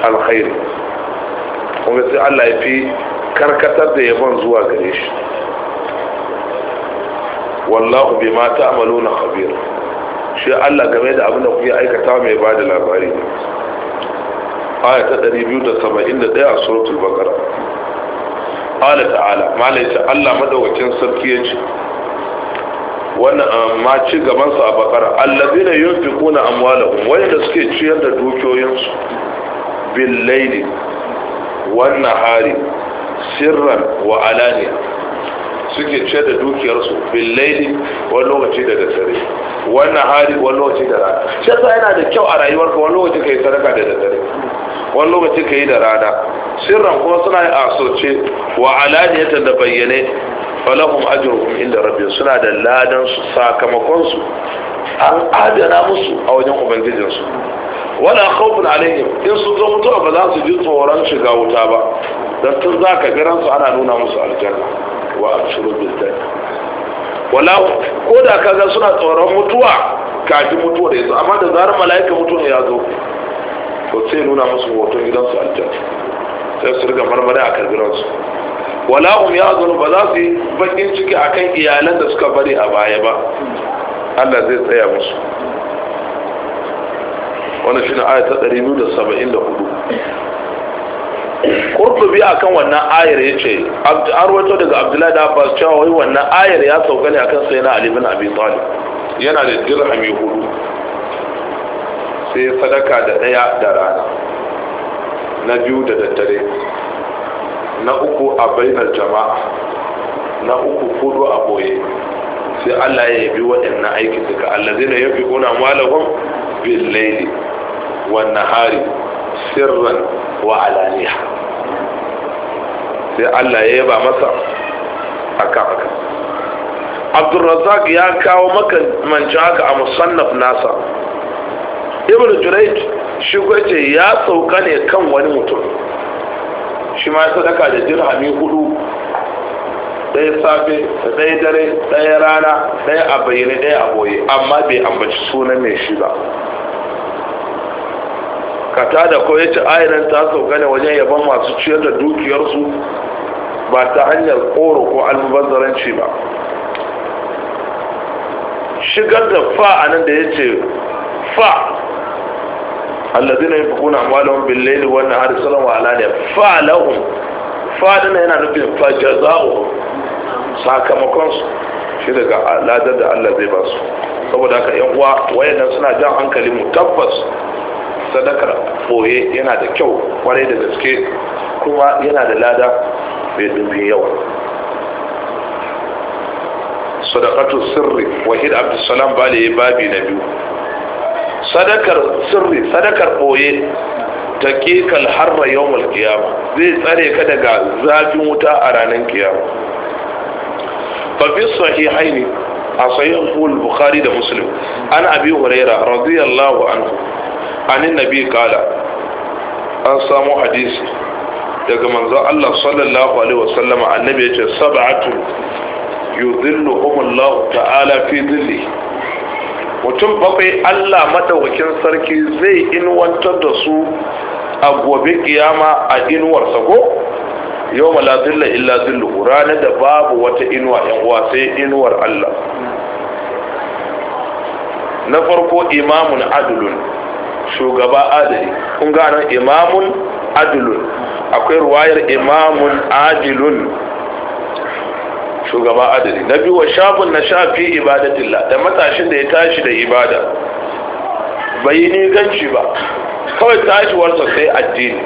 alkhairi kuma sai Allah ya fi karkatar da yaban zuwa gare shi wallahu bima ta'maluna khabir shi Allah game da abin da kuke aikata mai ba da labari ne. aya ta 271 a suratul baqara qala ta'ala malai ta Allah madawacin sarki yace wannan amma um, ci gaban su a baqara allazina yunfiquna amwalahum wanda suke ciyar da dukiyoyinsu bil layli wan nahari sirran wa alaniya suke ciyar da dukiyarsu bil layli wani lokaci da dare wannan hari wani lokaci da rana shi yasa yana da kyau a rayuwar ka wani lokaci ka yi sadaka da daddare wani lokaci ka yi da rana sirran kuma suna yin asoce wa alaniyata da bayyane falahum ajruhum inda rabbi suna da ladan su sakamakon su an adana musu a wajen ubangijin su wala khawfun alaihim in su zo mutuwa ba za su ji tsoron shiga wuta ba dan tun zaka garan su ana nuna musu aljanna wa abshuru jannah wala ko da ga suna tsoron mutuwa kaji mutuwa da yazo amma da zarar mala'ika mutuwa ya zo to sai nuna musu hoton gidansu aljanna sai su riga marmari a su wala um ya zo ba za su yi bakin ciki akan iyalan da suka bari a baya ba Allah zai tsaya musu wannan shine aya ta 274 kurtubi akan wannan ayar ya ce an rawaito daga abdullahi da abbas cewa wai wannan ayar ya sauka ne akan sai na ali bin abi talib yana da dirhami hudu sai sadaka da daya da rana na biyu da daddare na uku a bainar jama'a na uku hudu a boye sai allah ya yabi waɗannan aikin duka allah zai na yafi kuna malahun bin laili wannan hari sirran wa alaniya sai Allah ya yaba masa akan haka Abdulrazak ya kawo makamancin haka a musannaf nasa Ibn Jurayj shi ya sauka ne kan wani mutum shi ma ya sadaka da dirhami hudu ɗaya safe ɗaya dare ɗaya rana ɗaya a bayyane ɗaya a amma bai ambaci sunan mai shi ba da ko yace ce ta sauka ne wajen yaban masu ciyar da dukiyarsu ba ta hanyar koro ko almubazzaranci ba shigar da fa a nan da yace ce fa allazina yafquna amwalahum bil layli wan nahari salam wa alani fa lahum fa dana yana nufin fa jazao sakamakon su shi daga ladar da Allah zai ba su saboda haka yan uwa wayannan suna jan hankali mu tabbas sadakar boye yana da kyau kwarai da gaske kuma yana da lada mai dumbin yawa sadakatu sirri wahid abdulsalam bale ya babi na biyu sadakar sirri sadakar boye taqiqal harra yawmal qiyama zai tsare ka daga zafin wuta a ranar kiyama fa fi sahihaini a sahihul bukhari da muslim an abi huraira radiyallahu anhu anin nabi kala an samu hadisi daga manzo Allah sallallahu alaihi wasallama annabi yace sab'atu yudhilluhumullahu ta'ala fi dhilli mutum bakwai Allah madawakin sarki zai inwantar da su a gobe kiyama a inuwarsa ko yau ma dhilla illa dhilluhu ranar da babu wata inuwa yan uwa sai inuwar Allah na farko imamun adulun shugaba adali kun gano imamun adilun akwai ruwayar imamun adilun shugaba adali na biyu wa shafin na shafi ibadatilla da matashin da ya tashi da ibada bai ni ganci ba kawai tashiwarsa sai addini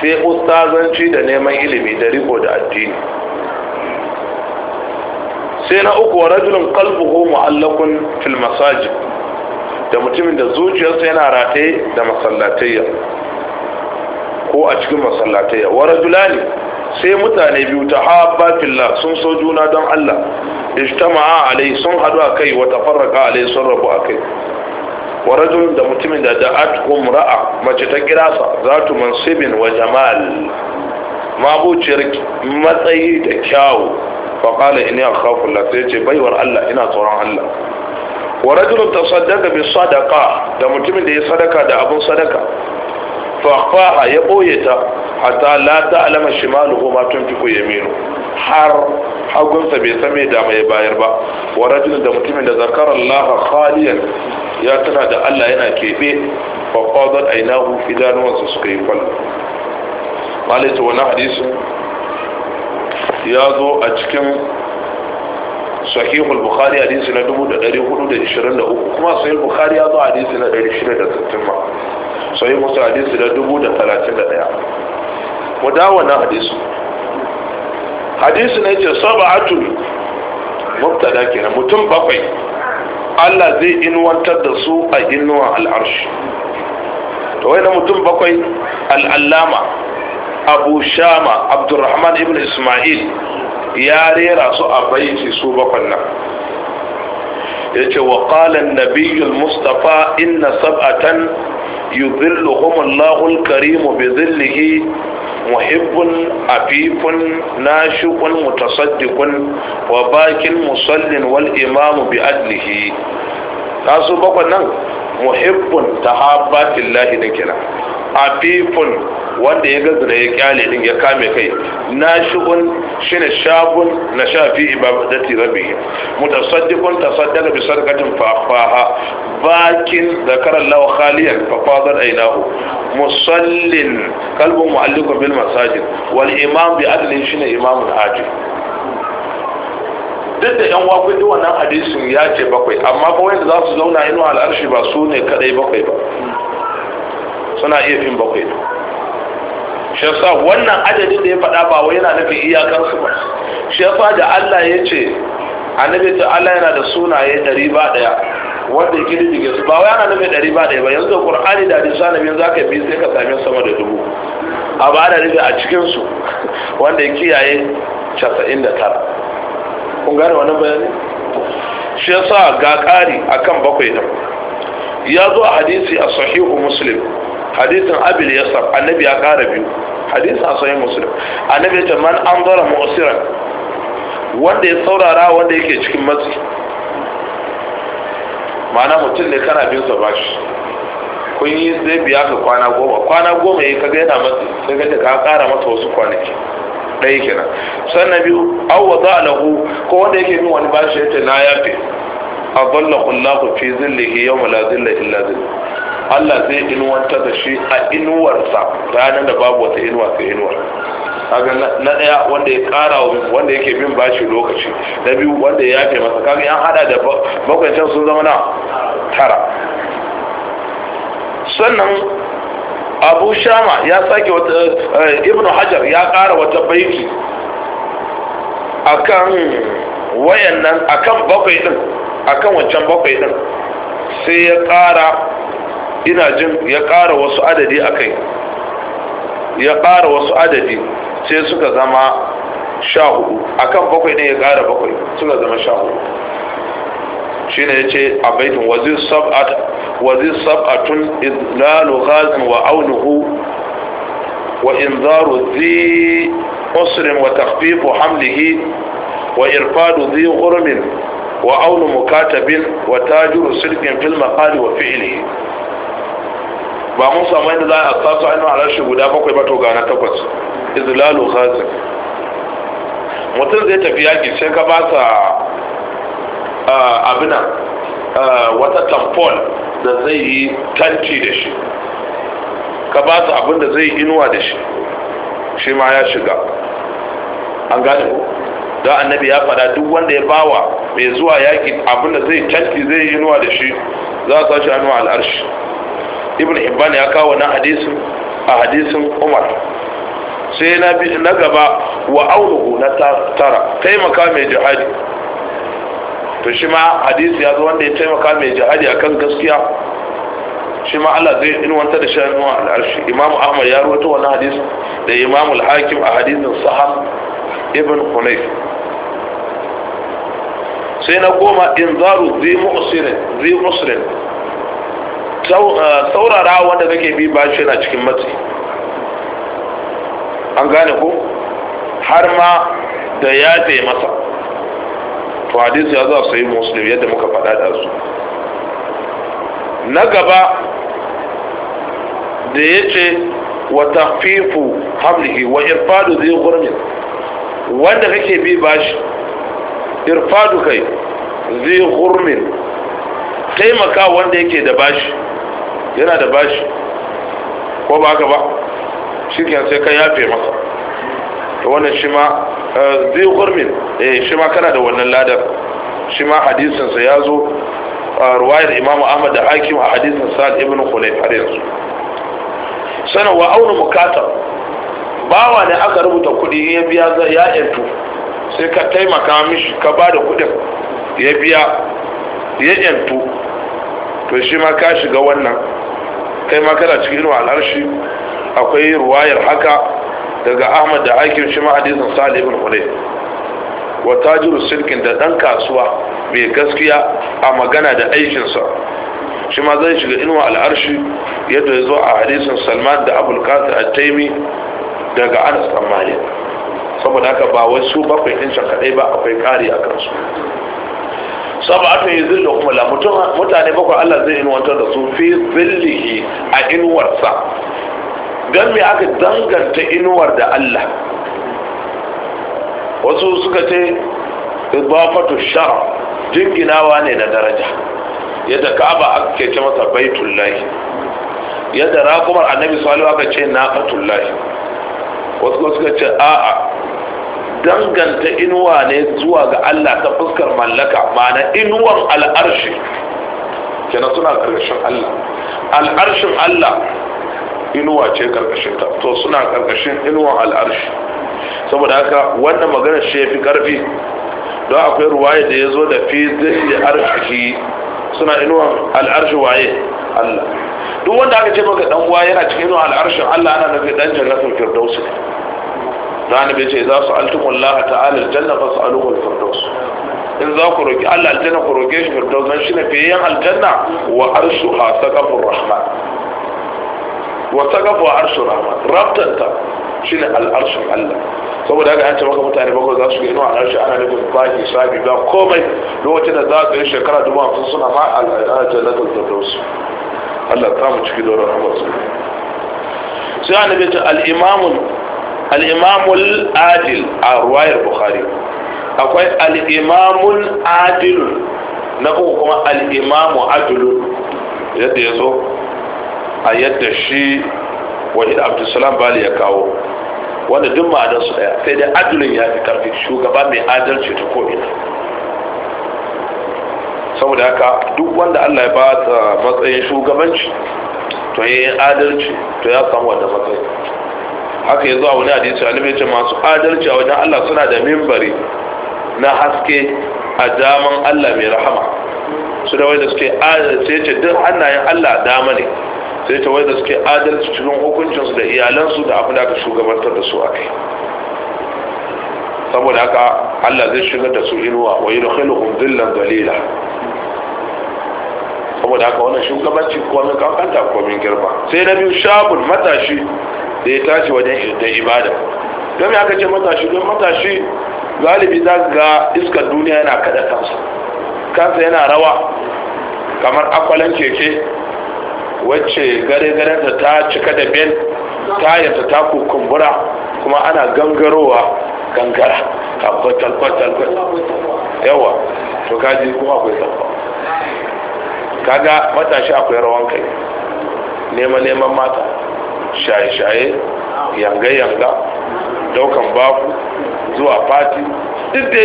sai ustazanci da neman ilimi da riko da addini sai na uku wa rajulun kalbuhu mu'allakun fil masajid da mutumin da zuciyarsa yana rataye da masallatayya ko a cikin masallatayya wa ne? sai mutane biyu ta haɓa sun so juna don Allah ijtama'a alai sun hadu akai wa tafarraqa alai sun rabu akai wa rajulun da mutumin da da'at umra'a mace ta kira sa zatu mansibin wa jamal mabuciyar matsayi da kyawu fa qala inni akhafu Allah sai ce baiwar Allah ina tsoron Allah wa rajulun tasaddaqa bi sadaqa da mutumin da ya sadaka da abun sadaka fa faha ya boye ta hatta la ta'lama shimaluhu ma tunfiqu yaminu har hagunsa bai san me da mai bayar ba wa rajulun da mutumin da zakara Allah khaliyan ya tana da Allah yana kebe fa qadat aynahu suka yi kwallo malai ta wani hadisin ya zo a cikin sahihul bukhari hadisi na 423 kuma sahih bukhari ya zo hadisi na 660 ma sahih musa hadisi na 1031 mu dawo na hadisi hadisi na yace sab'atun mubtada kenan mutum bakwai Allah zai inwantar da su a inuwa al'arshi to wai na mutum bakwai al'allama abu shama abdurrahman ibn ismail ya rera su a baiti su bakwan nan ya ce wa ƙalan mustapha inna sab'atan yuzilluhum allahul karimu bi zillihi muhibbun afifun nashiqun mutasaddiqun wa bakin musallin wal imamu bi adlihi su bakwan nan muhibbun tahabbatillahi da kenan afifun wanda ya na ya kyale din ya kame kai na shi ne shabun na shafi ibadati rabbihi mutasaddiqun tasaddaqa bi sadaqatin fafaha bakin zakara law khaliyan fa fadar aynahu musallin qalbu mu'alliqun bil masajid wal imam bi adlin shine imamun adil duk da yan wakwai duk wannan hadisin ya ce bakwai amma kawai da za su zauna inuwa al'arshi ba su ne kadai bakwai ba suna iya fin bakwai shi yasa wannan adadin da ya faɗa ba wai yana nufin su ba shi da Allah ya ce annabi ta Allah yana da sunaye ɗari ba ɗaya wanda girgige su ba wai ana nufin ɗari ba ɗaya ba yanzu da ƙur'ani da hadisi annabin zaka bi sai ka sami sama da dubu a ba da rufe a cikin su wanda ya kiyaye tara kun gane wani bayani shi yasa ga ƙari akan bakwai din ya zo a hadisi a sahihu muslim hadisin abil yasar annabi ya kara biyu hadisin a sahih muslim annabi ta man anzara mu'siran wanda ya saurara wanda yake cikin matsi ma'ana mutum ne kana bin sa shi kun yi zai biya ka kwana goma kwana goma ya kaga yana matsi sai ka ka kara masa wasu kwanaki ɗaya kenan sannan biyu awwa za a lahu ko wanda yake bin wani bashi ya ce na yafe a zalla kullahu fi zillihi yau la zilla illa zilla Allah zai inuwanta da shi a inuwarsa ranar da babu wata inuwa sai inuwar kaga na daya wanda ya kara wanda yake bin bashi lokaci na biyu wanda ya yafe masa kaga yan hada da bakwai can sun zama na tara sannan abu shama ya sake wata eh, ibn hajar ya kara wata baiki akan wayannan akan bakwai din akan wancan bakwai din sai ya kara ina jin ya ƙara wasu adadi a kai ya ƙara wasu adadi sai suka zama sha hudu a kan bakwai ne ya ƙara bakwai suka zama sha hudu shi ne ya ce a baitin wazir sab'atun izlalu ghazin wa aunuhu wa inzaru zi usrin wa takfifu hamlihi wa irfadu zi hurmin wa aunu mukatabin wa tajiru silkin filma hali wa fi'lihi ba mun samu yadda za a a ainihin harashi guda bakwai ba to gana takwas izlalu khazi mutum zai tafi yaƙi sai ka ba sa abinan wata tampon da zai yi tanti da shi ka ba abin da zai yi inuwa da shi shi ma ya shiga an gane ku don annabi ya fada duk wanda ya bawa mai zuwa yaƙi abin da zai tanti zai yi inuwa da shi za a sashi hannu al'arshi ibn hibban ya kawo wannan hadisin a hadisin umar sai na bi na gaba wa auruhu na tara taimaka mai jihadi to shi ma hadisi ya zo wanda ya taimaka mai jihadi kan gaskiya shi ma Allah zai inuwanta da shanu al'arshi imamu ahmad ya rubuta wannan hadis da imamu al-hakim a hadisin sahab ibn hunayf sai na goma in zaru zai mu'sirin Eh, saurara wanda kake bi ba shi yana cikin matsi an gane ko har ma da ya masa to hadisi ya za su yi yadda muka faɗa da su na gaba da ya ce wa tafifu hamlihi wa irfadu zai gurmin wanda kake bi bashi irfadu kai zai gurmin taimaka wanda yake da bashi yana da bashi ko ba haka ba shi sai ka yafe masa to wannan shi ma eh, zai kurmin eh shi ma kana da wannan ladar shi ma hadisinsa ya zo ruwayar imamu ahmad da hakim a hadisin sa'ad ibn khulay har yanzu sanan wa aunu mukatab bawa ne aka rubuta kudi ya biya ya yantu sai ka taimaka mishi ka ba da kudin ya biya ya yantu to shi ma ka shiga wannan kai ma kana cikin inuwa al'arshi akwai ruwayar haka daga ahmad da aikin shi ma hadisin salih ibn hulay wa tajiru silkin da dan kasuwa mai gaskiya a magana da aikinsa shi ma zai shiga inuwa al'arshi yadda ya zo a hadisin salman da abul qasim at taimi daga anas bin malik saboda haka ba wai su bakwai din can kaɗai ba akwai kari a kansu sab'atu kuma la mutane bakwai Allah zai inuwantar da su fi zillihi a inuwarsa don me aka danganta inuwar da Allah wasu suka ce idafatu shar jinginawa ne na daraja yadda Ka'aba aka ke ce masa baitullahi yadda raƙumar Annabi sallallahu alaihi wasallam aka ce naqatullahi wasu suka ce a'a danganta inuwa ne zuwa ga Allah ta fuskar mallaka ma'ana inuwan al'arshi kenan suna ƙarƙashin Allah al'arshin Allah inuwa ce ƙarƙashin ta to suna ƙarƙashin inuwan al'arshi saboda haka wannan magana shi fi ƙarfi don akwai ruwaye da ya zo da fi zai yi arziki suna inuwan al'arshi waye Allah duk wanda aka ce maka dan uwa yana cikin inuwan al'arshin Allah ana nufin dan jannatul firdausi na bai ce za su altukun Allah ta'ala aljanna fa saluhu al-firdaus in za ku roki Allah aljanna ku roke shi firdaus dan shi ne fiyan aljanna wa arshu ha saqafur rahman wa saqafu arshu rahman rabtanta shi ne arshul Allah saboda haka an ce maka mutane bakwai za su gino a harshe ana nufin baki sabi ba komai lokacin da za su yi shekara dubu hamsin suna ma aljannatul firdaus Allah ta mu ciki doron hamsin sai annabi ce al-imamul al'imamul adil a ruwayar buhari akwai al'imamun adilu na uku kuma al'imamu adilu yadda ya zo a yadda shi wahid abdulsalam bali ya kawo wanda duk عدل su daya sai dai adilin ya fi karfi saboda haka duk wanda allah ya ba matsayin shugabanci to ya adalci to ya samu wanda matsayi haka yazo a wani hadisi annabi ce masu adalci a wajen Allah suna da mimbari na haske a daman Allah mai rahama su da wanda suke adalci ce duk hannayen Allah dama ne sai ta wanda suke adalci cikin hukuncinsu da iyalansu da abin da aka shugabantar da su a kai saboda haka Allah zai shigar da su inuwa wa yudkhiluhum dhillan dalila. saboda haka wannan shugabanci komin kankanta komin girma sai na biyu shabun matashi da ya tashi wajen irin ibada don ya kace matashi don matashi galibi za ga iskar duniya yana kada kansa kansa yana rawa kamar akwalan keke wacce gare-garenta ta cika da ben tayarta ta kukumbura kuma ana gangarowa gangara a kwatal-kwatal yawa to kaji kuma akwai sabon kaga matashi akwai rawan kai neman neman mata shaye-shaye yanga-yanga daukan baku zuwa fati duk da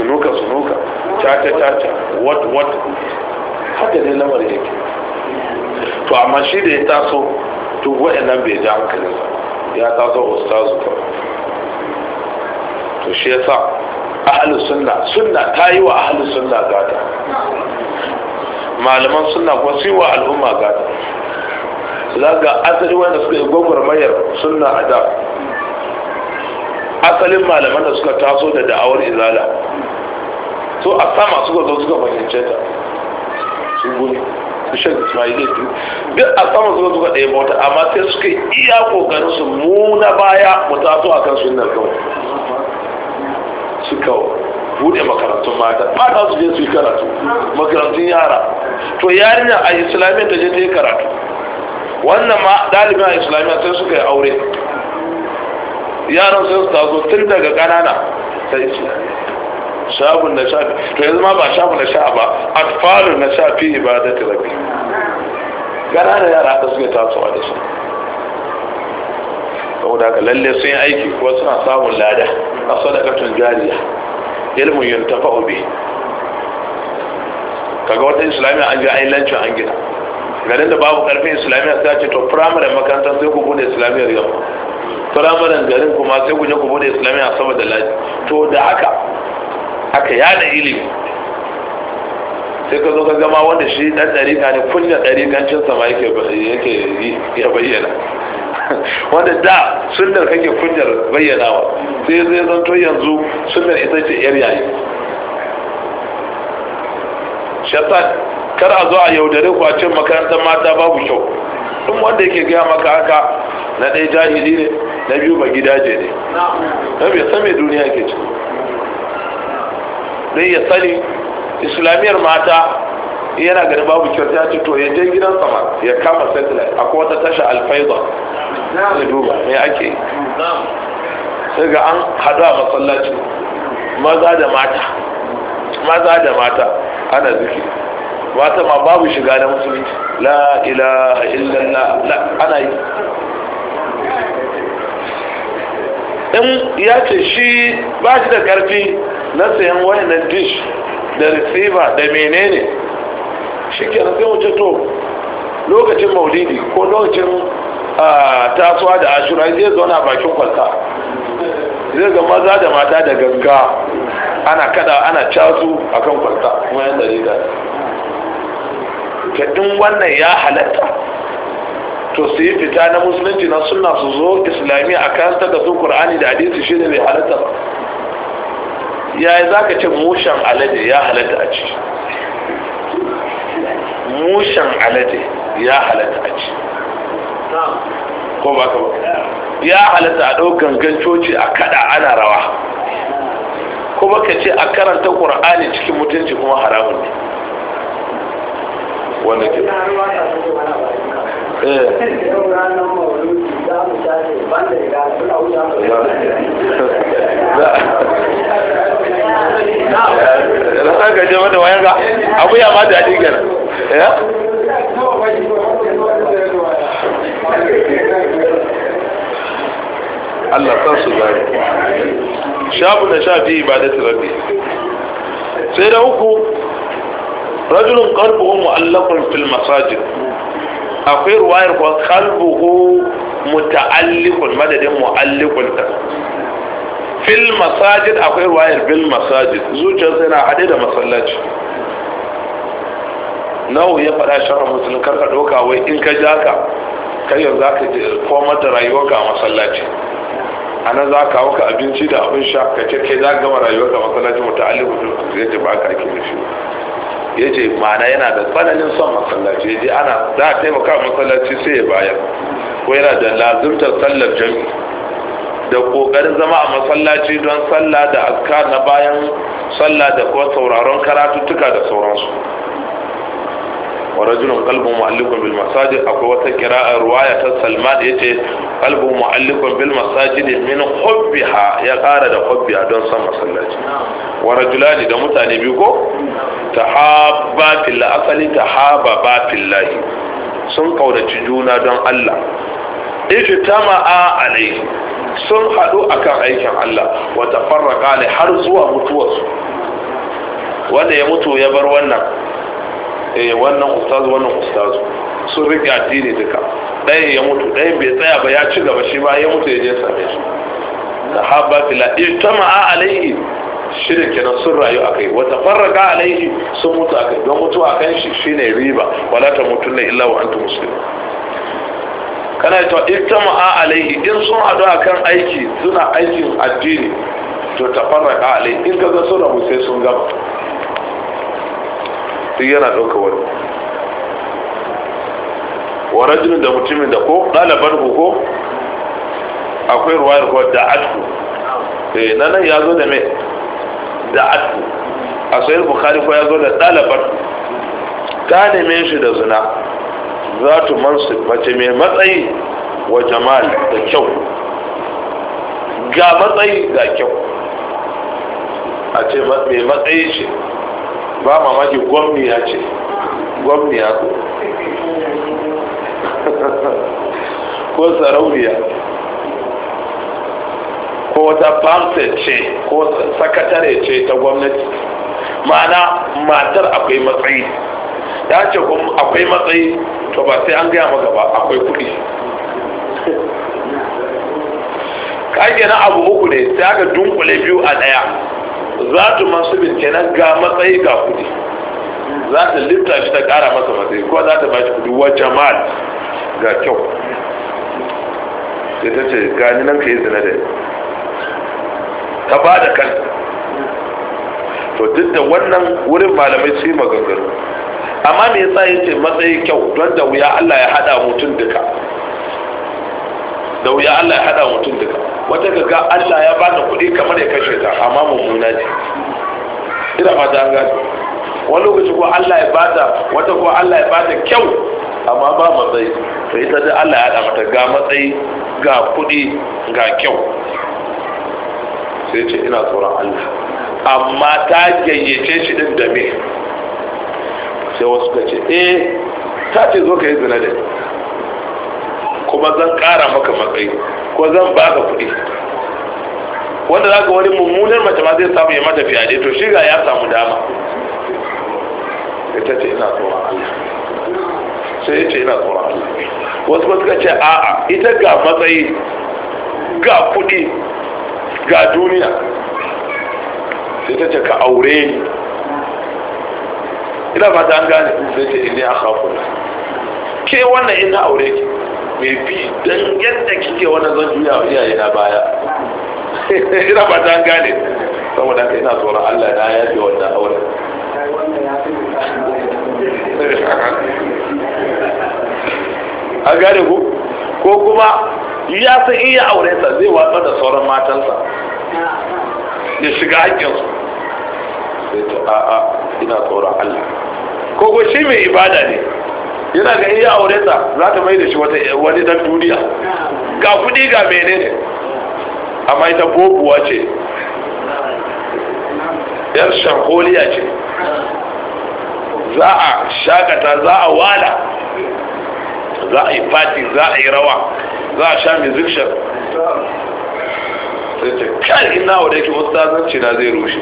sunuka-sunuka caca-caca wat-wat haka ne lamar yake to amma shi da ya taso to nan bai ji hankalinsa ya taso ustazu kawai to shi ya sa ahalus sunna sunna ta yi wa ahalus sunna gata malaman suna kuma sai wa al'umma gata za ga asali wanda suka yi gwagwarmayar suna a da asalin malaman da suka taso da da'awar izala to a sama suka zo suka fahimce ta su gune su shan ismaili duk a sama suka suka ɗaya bauta amma sai suka iya kokarin su mu na baya mu taso a kan sunan kawai suka bude makarantun mata ta su je su yi karatu makarantun yara to yarinya a islamiyya ta je ta yi karatu wannan ma dalibin a islamiyya sai suka yi aure yaran sai su tazo tun daga ƙanana ta islamiyya shafin na sha to yanzu ma ba shafin na sha ba atfalu na fi ibadati rabbi ƙanana yara ta suke tasowa da su saboda ka lalle sun yi aiki ko suna samun lada a sadakatun jariya ilmin yantafa bihi kaga wata islamiyya an ji ayi lancin an gina garin da babu karfin islamiyya sai ce to firamare makarantar sai ku bude islamiyyar yau firamaren garin kuma sai ku je ku bude islamiyya saboda laji to da haka aka yada ilimi sai ka zo ka zama wanda shi dan dariƙa ne kunya dariƙancin sama yake yake ya bayyana [LAUGHS] wanda da sunnar kake kunyar bayyanawa sai zai zanto yanzu sunnar ita ce yar yayi shaitan kar a zo a yaudare ku a cin makarantar mata babu kyau duk wanda yake gaya maka haka na ɗaya jahili ne na biyu ba gidaje ne na bai san mai duniya ke ci dai ya sani islamiyar mata yana gani babu kyau ta ci to ya je gidan sama ya kama satellite akwai wata tasha alfaida ya duba me ake sai ga an haɗu a masallaci maza da mata maza da mata ana zuki wata ma babu shiga na musulunci la ilaha illallah ana yi in ya ce shi ba shi da karfi na sayan na dish da receiver da menene shi ke sayan wuce to lokacin maulidi ko lokacin ah, tasowa da ashura zai zauna bakin kwalta zai ga maza da mata da ganga ana kada ana casu a kan kwalta kuma yan dalila ta in wannan ya halatta to su yi fita na musulunci na suna su zo islamiyya a karantar da su qur'ani da hadisi shi ne bai halatta ba yaya za ka ce mushen alade ya halatta a ciki mushen alade ya halatta a ci? ko ba ka ba ya halatta a ɗaukan gancoci a kada ana rawa kuma ka ce a karanta ƙur'ani cikin mutunci kuma haramun ne wanda ke rasa ga jama da wayan ga abu ya ma daɗi gana ya? Eh? Allah san su gani shafu da shafi ibadatu rabbi sai da uku rajulun qalbuhu mu'allaqun fil masajid akwai ruwayar kuwa qalbuhu muta'alliqun madadin mu'alliqun ta fil masajid akwai ruwayar bil masajid zuciyarsa yana hade da masallaci Nau ya faɗa sharar musulun karka ɗauka wai in ka ja ka kai yanzu za ka komar da rayuwarka a masallaci a za ka hauka abinci da abin sha ka ce kai za ka gama rayuwar ka masallacin wata alifu ya ce ba ka ake shi ya ce ma'ana yana da tsananin son masallaci ya ce ana za a taimaka masallaci sai ya bayar ko yana da lazimtar sallar jami da kokarin zama a masallaci don sallah da aska na bayan sallah da kuma sauraron karatuttuka da sauransu wa rajulun qalbu mu'allikun bil akwai wata kira'a ruwaya ta salman yace qalbu mu'allikun bil masajid min hubbiha ya kara da hubbiha don san masallaci wa rajulani da mutane biyu ko tahabba fillah asali tahaba ba fillah sun kaunaci juna don Allah ijtama'a alayhi sun haɗu akan aikin Allah wa tafarraqa har zuwa mutuwarsu wanda ya mutu ya bar wannan eh wannan ustazu wannan ustazu sun rike addini duka ɗayan ya mutu ɗayan bai tsaya ba ya ci gaba shi ba ya mutu ya je same shi sahaba fila itama alaihi shirin kenan sun rayu a kai wata farraka alaihi sun mutu a kai don mutu a kan shi shine riba wala ta mutu ne, illa wa antum muslim kana ita itama alaihi in sun hadu a kan aiki suna aikin addini to ta farraka alaihi in ka ga sun rabu sai sun gaba duk yana ɗauka wani wa rajulun da mutumin da ko ɗaliban ku ko akwai ruwayar ko da atku eh nan ya zo da me da atku a sayar bukari ko ya zo da ɗaliban Ka neme shi da zina za tu mansu mace mai matsayi wa jamal da kyau ga matsayi ga kyau a ce mai matsayi ce ba mamaki gwamni ya ce gwamni ya ko ko sarauniya ko wata bamsa ce ko sakatare ce ta gwamnati ma'ana matar akwai matsayi ya ce kuma akwai matsayi to ba sai an gaya maka ba akwai kuɗi kage na abu uku ne sai aka dunkule biyu a ɗaya za ta mansubin kenan ga matsayi ga kudi za ta lifta shi ta kara masa matsayi ko za ta bashi kudi wa jama'at ga kyau sai ta ce gani nan ka yi zina da ta ba da kan to duk da wannan wurin malamai su yi maganganu amma me yasa yace matsayi kyau don da wuya Allah ya hada mutum duka da wuya Allah ya hada mutum duka wata gaga Allah ya bada kuɗi kamar ya kashe ta amma mummuna ce ina ba ta gani wani lokaci ko Allah ya bada wata ko Allah ya bada kyau amma ba matsayi to ita da Allah ya hada mata ga matsayi ga kuɗi ga kyau sai ce ina tsoron Allah amma ta gayyace shi din da me sai wasu ka ce eh ta ce zo ka yi zina da ni kuma zan kara maka matsayi ko zan baka kuɗi wanda za ka wani mummunar mace ma zai samu ya mata fiye to shiga ya samu dama ita ce ina tsoron Allah sai ya ce ina tsoron Allah wasu suka ce a'a ita ga matsayi ga kuɗi ga duniya sai ta ce ka aure ni ina ba ta an gane sai ce ina a kafin ke wannan ina aure ki mai bi don yadda kike wani zan juya wa iyaye na baya [LAUGHS] ina ba ta gane saboda ka ina tsoron Allah na yafe wannan auren a [LAUGHS] gane ku ko kuma ya san iya sa zai watsa da sauran matansa ya shiga haƙƙinsu sai ta a'a ina tsoron Allah ko ko shi mai ibada ne yana ga iya aure ta za ta mai da shi wani dan duniya ga kuɗi ga menene amma ita bobuwa ce yar shankoliya ce za a shakata za a wala za a yi fati za a yi rawa za a sha musician sai ce kai ina wadda yake wasu tazanci na zai rushe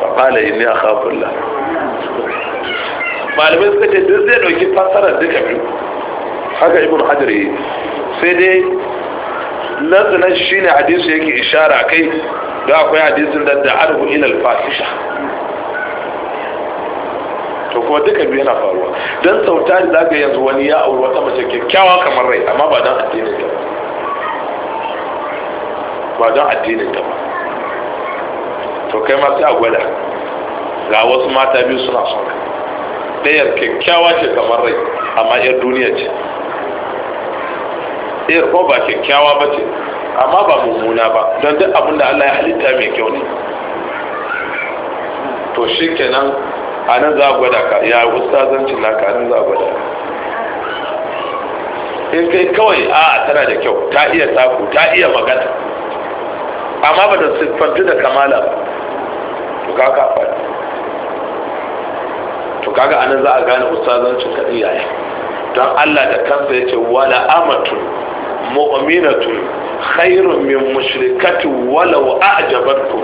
ba ƙala ne a kafin la malamai suka ce duk zai ɗauki fassara duka biyu haka ibn hajar yi sai dai nazarin shi ne hadisi yake ishara kai da akwai hadisin da da arhu ilal fasisha to kuma duka biyu yana faruwa don sautari za ka yanzu wani ya auri wata mace kyakkyawa kamar rai amma ba don addinin ta ba don addinin ta ba to kai ma sai a gwada ga wasu mata biyu suna son kai ɗayar kyakkyawa ce kamar rai amma yar duniya ce ɗayar ko ba kyakkyawa ba ce amma ba mummuna ba don duk abinda allah ya halitta mai kyau ne to shi kenan a nan za a gwada ka ya ustazancin naka ka nan za a gwada in kai kawai a tana da kyau ta iya taku ta iya magana amma ba da siffantu da kamala ba to ka kafa to kaga anan za a gane ustazancin kadin yaya don Allah da kansa ya ce wala amatu mu'minatun khairun min mushrikati walau a'jabatkum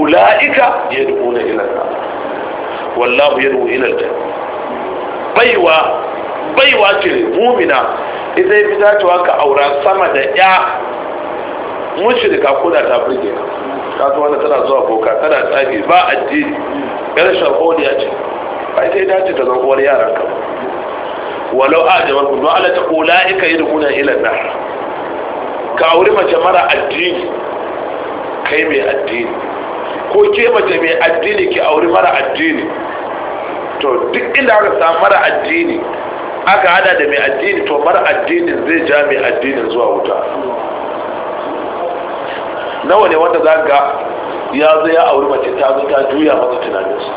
ulaika yad'una ila an-nar wallahu yad'u ila al-jannah baiwa baiwa ce mu'mina idan ya fita cewa ka aura sama da ya mushrika ko da ta burge ka ka wanda tana zuwa boka tana tsafi ba addini ƙarshen hodiya ce ai sai dace ta zan wani yaran ka walau a jamar ku ala ta kula ika yi dukuna ilan na ka auri mace mara addini kai mai addini ko ke mace mai addini ki auri mara addini to duk inda aka samu mara addini aka hada da mai addini to mara addinin zai ja mai addinin zuwa wuta nawa ne wanda za ga ya zai ya auri mace ta zo ta juya masa tunaninsu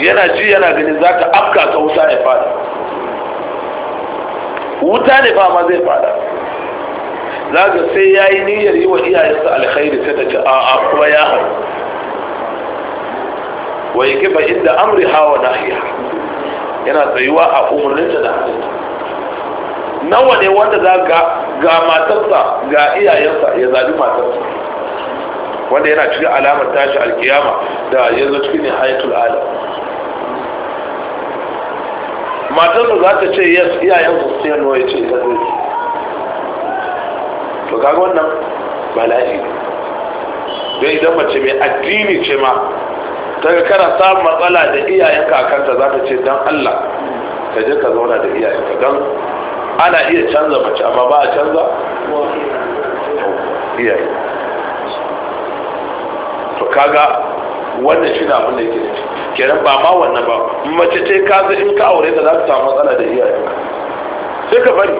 yana ji yana ganin za ta afka ta wuta ya fada wuta ne ba ma zai fada za ga sai ya yi niyyar yi wa iyayensa alkhairi sai ta ce a kuma ya hau wa yi kifa inda amri hawa na iya yana tsayuwa a umarninta da nawa ne wanda za ga ga matarsa ga iyayensa ya zaɓi matarsa wanda yana cikin alamar tashi alkiyama da yanzu cikin hayatul alam matarsa za ta ce yes iyayen su sai no ya ce zai zai to kaga wannan bala'i don idan mace mai addini ce ma ta ga kana samun matsala da iyayen kakanta za ta ce don allah ka je ka zauna da iyayenka don ana iya canza mace amma ba a canza iyaye to kaga wannan shi ne abin da yake kenan ba ma wannan ba mace ce ka zai in ka aure ta za ta samu matsala da iyaye sai ka bari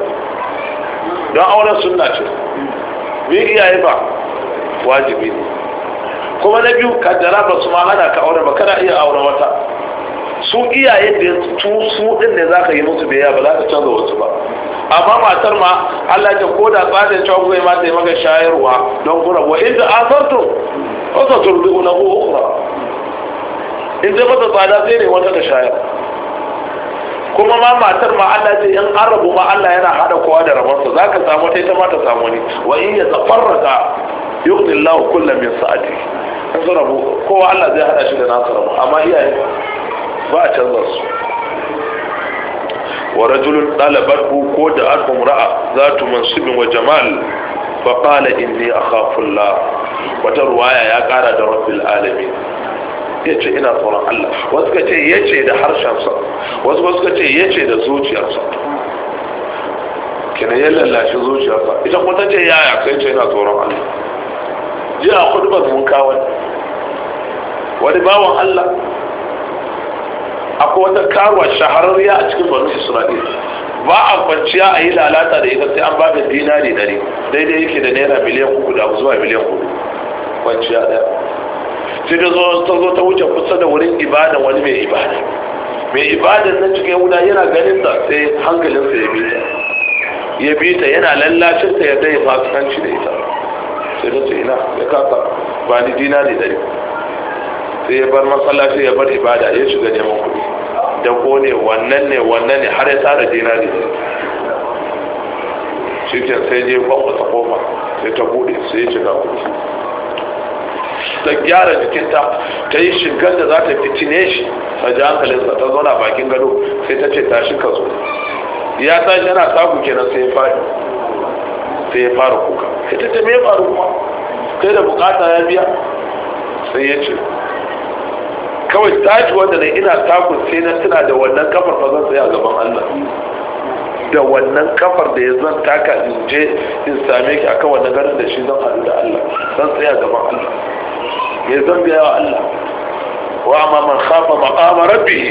don auren sunna ce bin iyaye ba wajibi ne kuma na biyu jara ba su ma hana ka aure ba kana iya auren wata su iyaye da su su din ne zaka yi musu biyayya ba za ka canza wasu ba amma matar ma Allah ta koda tsarin cewa zai ma ta maka shayarwa don kura wa inda azartum wa saturdu lahu ukhra in zai mata tsada sai ne wata ta shayar kuma ma matar ma Allah ce in an rabu ma Allah yana hada kowa da rabon za ka samu ta ita ma ta samu ne wa in ya tafarraka yughni Allah kullam min sa'ati sun rabu kowa Allah zai hada shi da nasa amma iyaye ba a canza su wa rajulun ɗalabarku ko da al'um ra'a za tu mansubin wa jamal fa qala inni akhafullah wata ruwaya ya ƙara da rabbil alami. ya ce ina tsoron Allah wasu ka ce ya ce da harshensa wasu wasu ka ce ya ce da zuciyarsa kina ya lallashi zuciyarsa ita kuma ta ce yaya sai ce ina tsoron Allah Jiya a kudu ba mun kawai wani bawan Allah akwai wata karuwa shahararriya a cikin banu isra'il ba a kwanciya a yi lalata da ita sai an ba da dinari dare daidai yake da naira miliyan uku da zuwa miliyan uku kwanciya ɗaya sai da zo ta zo ta wuce kusa da wurin ibada wani mai ibada mai ibada na cikin yahuda yana ganin ta sai hankalinsa ya bi ta ya bi ta yana lallacin ta ya dai fasikanci da ita sai ta ina ya kasa ba ni dinari dare sai ya bar masallaci ya bar ibada ya shiga neman kuɗi da ko ne wannan ne wannan ne har ya tsara dinari shi ke sai je ta koma sai ta buɗe sai ya shiga kuɗi ta gyara jikinta ta yi shigar da za ta fitine shi ta ji hankalinsa ta zauna bakin gado sai ta ce tashi ka zo ya tashi yana sabu kenan sai ya fara sai ya fara kuka ita ta me faru kuma sai da bukata ya biya sai ya ce kawai tashi wanda ne ina takun sai na tuna da wannan kafar fa zan tsaya gaban Allah da wannan kafar da ya zan taka in je in same ki akan wannan garin da shi zan haɗu da Allah zan tsaya gaban Allah ya zan biya wa Allah wa amma man khafa maqama rabbih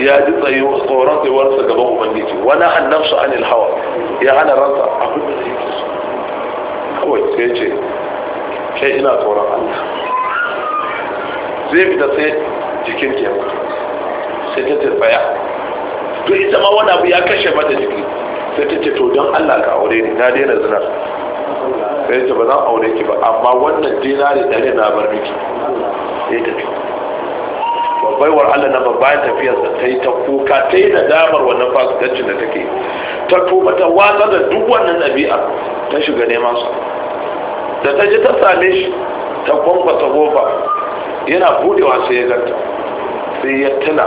ya ji tsayo tsoron sai tsayuwarsa gaban ubangiji an nafsu anil hawa ya hana ransa abin da zai so kawai sai ce sai ina tsoron Allah zai fita sai jikin ke sai ta turbaya to ita ma wani abu ya kashe mata jiki sai ta ce to don allah ka aure ni na daina zina sai ta ba zan aure ki ba amma wannan dinari ɗari na bar miki sai ta ce baiwar Allah na babban tafiyarsa ta yi ta kuka ta yi da damar wannan fasikancin da take ta tuba ta watsa da duk wannan ɗabi'a ta shiga neman su da ta ji ta same shi ta kwankwasa gofa yana budewa sai ya ganta sai ya tuna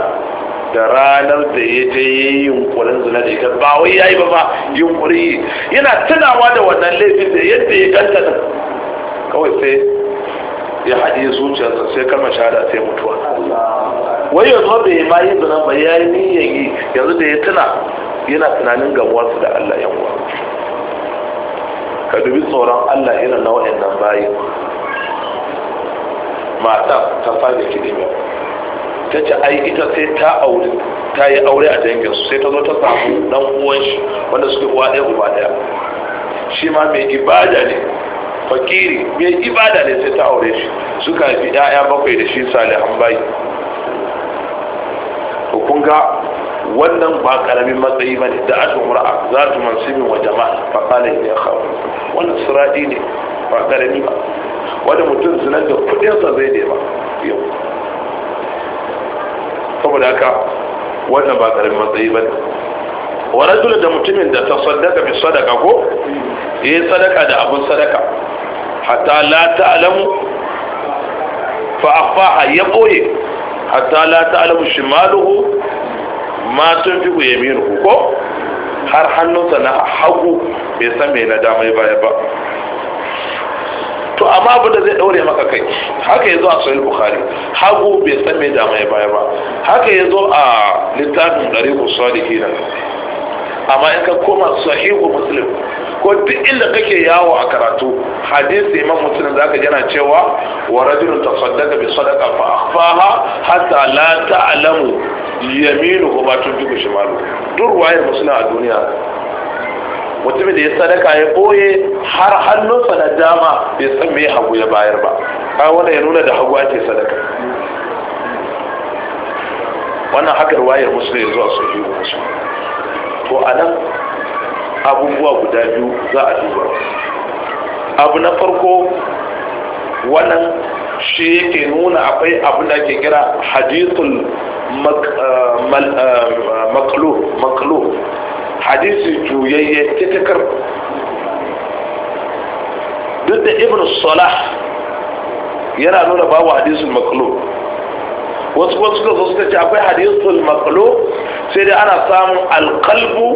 da ranar da ya je ya yi yunkurin zina da ita ba wai ya yi ba ba yunkuri yana tunawa da wannan laifin da yadda ya ganta nan kawai sai ya haɗe zuciyarsa sai kama shahada sai mutuwa wai yanzu bai ma yi zina ba ya yi niyan yi yanzu da ya tuna yana tunanin gamuwarsa da allah yan uwa ka dubi tsoron allah irin na waɗannan bayi matan ta fara kiɗi mai ta ce ai ita sai ta aure ta yi aure a su sai ta zo ta samu dan uwan shi wanda suke uwa ɗaya uba ɗaya shi ma mai ibada ne fakiri mai ibada ne sai ta aure shi suka haifi ƴaƴa bakwai da shi salihan bayi to kun ga wannan ba karamin matsayi bane da aka mura'a za ta mansibin wa jama'a fa qala ya khawu wannan sirati ne ba karami ba wanda mutum zinar da kudin sa zai nema yau saboda haka wannan ba karamin matsayi ba wa dole da mutumin da ta sadaka bi sadaka ko Eh sadaka da abun sadaka hatta la ta'lamu fa akhfaha ya boye hatta la ta'lamu shimaluhu ma tunfiqu yaminuhu ko har hannunsa na hagu bai san me na damai baya ba to amma abu da zai daure maka kai haka yazo a sahih bukhari hagu bai san me dama ya baya ba haka yazo a littafin dariqus salihin amma in ka koma sahihu muslim ko duk inda kake yawo a karatu hadisi imam muslim zaka gana cewa wa rajulun tasaddaqa bi sadaqa fa akhfaha hatta la ta'lamu yaminuhu ba tudu shimalu duk wayar muslim a duniya mutumin da ya sadaka ya boye har hannunsa na dama bai san me hagu ya bayar ba ka wanda ya nuna da hagu ake sadaka wannan haka ruwayar musulun zuwa sahihu wasu to a nan abubuwa guda biyu za a duba abu na farko wannan shi yake nuna akwai abin da ke kira hadithul eh, eh, maklo hadisi juyayye titikar duk da ibn salah yana nuna babu hadisul maklo wasu wasu suka zo suka ce akwai hadisul maklo sai dai ana samun alkalbu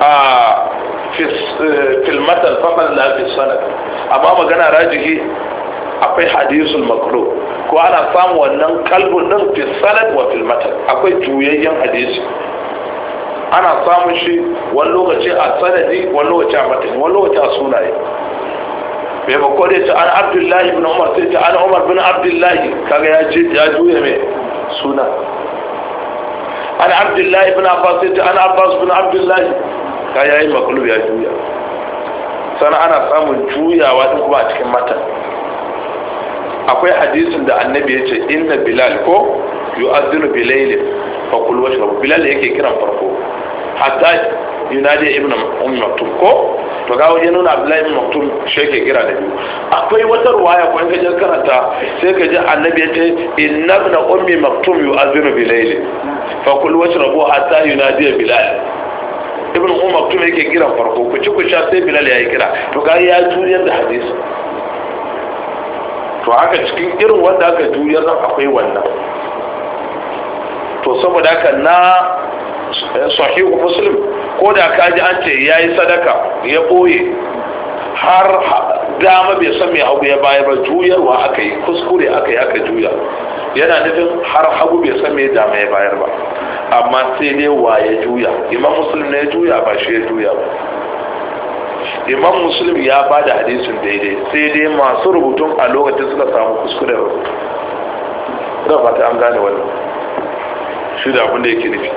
a filmatar faɗin lafi sanad amma magana rajihi akwai hadisul maklo ko ana samun wannan kalbun din fi sanad wa filmatar akwai juyayyen hadisi ana samun shi wani lokaci a sanadi wani lokaci a matan wani lokaci a sunaye mai mako dai ta an abdullahi bin umar sai ta an umar bin abdullahi kaga ya je ya juya mai suna an abdullahi bin abbas sai ta an abbas bin abdullahi kaga ya yi makulub ya juya sana ana samun juyawa din kuma a cikin matan akwai hadisin da annabi ya ce inna bilal ko yu'adhinu bilailin fa kul washrabu bilal yake kiran farko hatta yunadi ibn um maktum ko to ga waje nuna abdullahi ibn maktum shi ke kira da biyu akwai wata ruwaya ko in ka je karanta sai ka ji annabi ya ce inna ibn ummi maktum yu'azinu bi layli fa kul washrabu hatta yunadi bilal ibn um maktum yake kira farko ku ci ku sha sai bilal ya yi kira to ga ya juriyar da hadisi to haka cikin irin wanda aka juriyar nan akwai wannan to saboda haka na sahihu muslim ko da ka ji an ce ya yi sadaka ya ɓoye har dama bai san mai hagu ya baya ba juyarwa aka yi kuskure aka yi aka juya yana nufin har hagu bai san mai dama ya bayar ba amma sai dai wa ya juya imam muslim ne ya juya ba shi ya juya ba imam muslim ya ba da hadisin daidai sai dai masu rubutun a lokacin suka samu kuskure ba fata an gane wannan shi da abin da yake nufi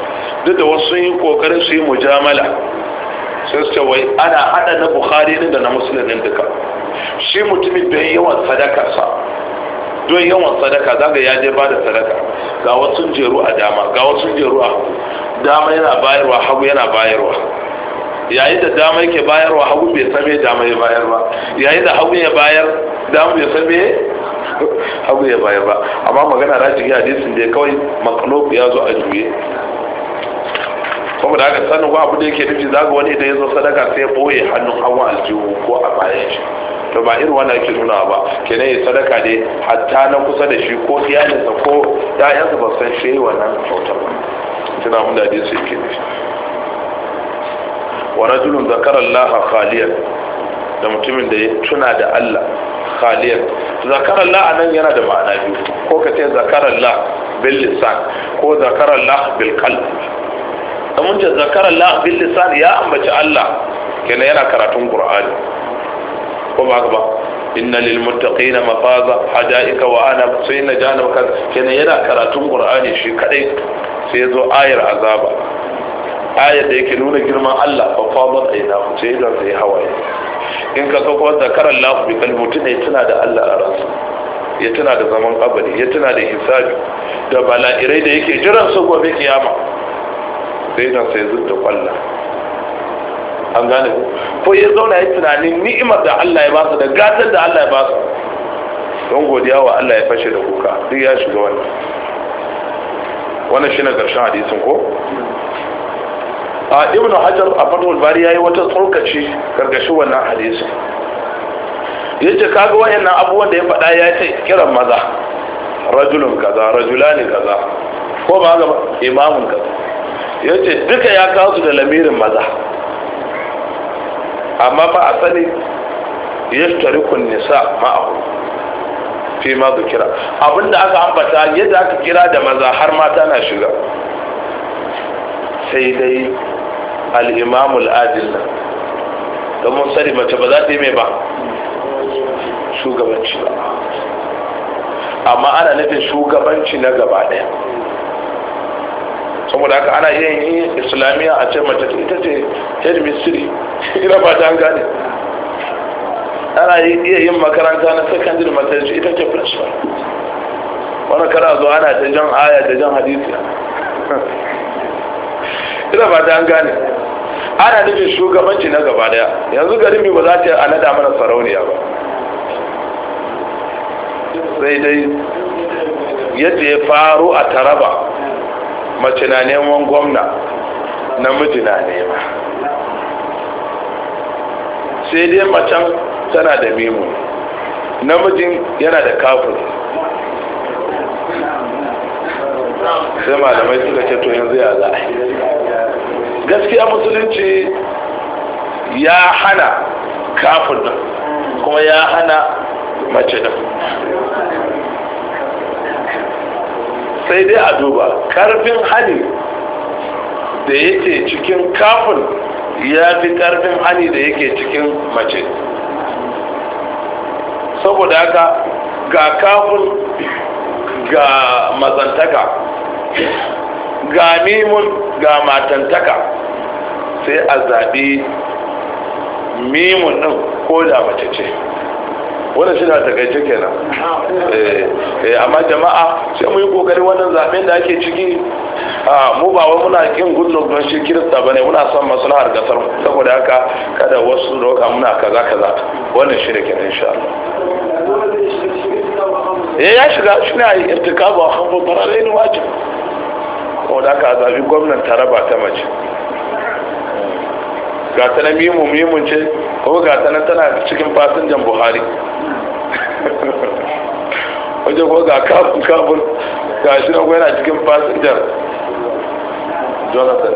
duk da wasu sun yi kokarin su yi mujamala sai su ce wai ana hada na bukhari din da na musulmin duka shi mutumin don yawan sadaka sa don yawan sadaka ga ya je bada sadaka ga wasu jeru a dama ga wasu jeru a dama yana bayarwa hagu yana bayarwa yayi da dama yake bayarwa hagu bai same dama ya bayarwa yayi da hagu ya bayar dama bai same hagu ya baya ba amma magana rajin hadisin da kawai makalop ya zo a juye Kuma da haka sani ba abu da yake nufi zaga wani idan ya zo sadaka sai boye hannun hawa aljihu ko a bayan shi to ba irin wannan ake nuna ba kenan ya sadaka ne hatta na kusa da shi ko iyalinsa ko ya'yansa ba san shi wannan kyauta ba tuna mun da hadisi yake nufi wa rajulun zakara Allah khaliyan da mutumin da ya tuna da Allah khaliyan zakarar la nan yana da ma'ana biyu ko ka ce zakarar la bil lisan ko zakarar la bil qalb da mun ce zakarar la bil lisan ya ambaci Allah kenan yana karatun qur'ani ko ba haka ba inna lil muttaqina mafaza hadaika wa ana sayna jahannam kenan yana karatun qur'ani shi kadai sai zo ayar azaba ayar da yake nuna girman Allah fa fadar aina ku ce idan sai hawaye in ka sako zakarar lahu bi kalbi mutum ne tuna da Allah a ransa ya tuna da zaman abadi ya tuna da hisabi da bala'irai da yake jiran su gobe kiyama sai idan sai zudda kwalla an gane ku ko ya zauna ya tunanin ni'imar da Allah ya basu da gatar da Allah ya basu don godiya wa Allah ya fashe da kuka duk ya shiga wannan wannan shine karshen hadisin ko a ibn hajar a fatul bari yayi wata tsokaci gargashi wannan hadisi yace kaga wayannan abubuwan da ya faɗa ya ce kiran maza rajulun kaza rajulani kaza ko ba ga imamun kaza yace duka ya kawo su da lamirin maza amma ba a sani yashtarikun nisa ma'ahu fi ma kira abinda aka ambata yadda aka kira da maza har mata na shiga sai dai al'imamul adil na don mun sani mace ba za ta yi mai ba shugabanci ba amma ana nufin shugabanci na gaba ɗaya saboda haka ana iya yin islamiyya a ce mace ita ce head mystery ina ba ta gane ana iya yin makaranta na secondary mace ita ce principal wani kara zuwa ana ta jan aya da jan hadisi ina ba ta gane ana nufin shugabanci na gaba daya yanzu garin mai ba za ta anada mana sarauniya ba sai dai yadda ya faru a taraba mace na neman gwamna namiji na nema sai dai macen tana da mimu namijin yana da kafin sai malamai suka ce to yanzu ya za'a gaskiya musulunci ya hana kafin nan kuma ya hana mace nan sai dai a duba karfin hali da yake cikin kafin ya fi karfin hali da yake cikin mace saboda haka ga kafin ga mazantaka ga mimun ga matantaka sai a zaɓi mimun ɗin ko da mace ce wadda shi na takaice kenan eh, eh, amma jama'a sai mu yi kokari wannan zaɓen da ake ciki mu ba wa muna kin gudun don shi kirista ba ne muna son maslahar gasar saboda haka kada wasu roƙa muna kaza kaza wannan shi da kenan insha Allah ya eh, ya shiga shine a ba a hanfin fararen wajib wajen da aka zafi gwamnan ba ta mace ga ta na mimu mimun ce kuma ga ta na tana cikin jan buhari wajen kuma ga kafin kafin ga shi na cikin jan jonathan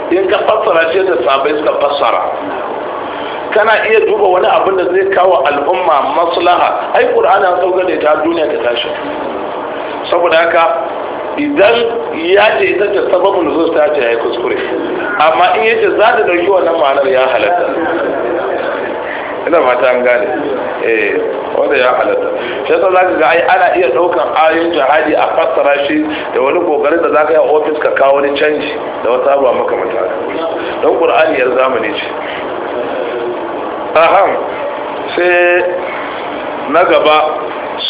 in ka fassara shi da sabai suka fassara kana iya duba wani abin da zai kawo al'umma maslaha ai qur'ani an sauka da ta duniya ta tashi saboda haka idan ya ce ita ce sababin da ta ce ya kuskure amma in yace za ta dauki wannan ma'anar ya halatta ina mata an gane eh wanda ya halatta shi yasa zaka ga ai ana iya daukan ayoyin jihadi a fassara shi da wani kokarin da zaka yi a office ka kawo wani canji da wata abuwa makamanta don qur'ani yar zamani ce aham sai na gaba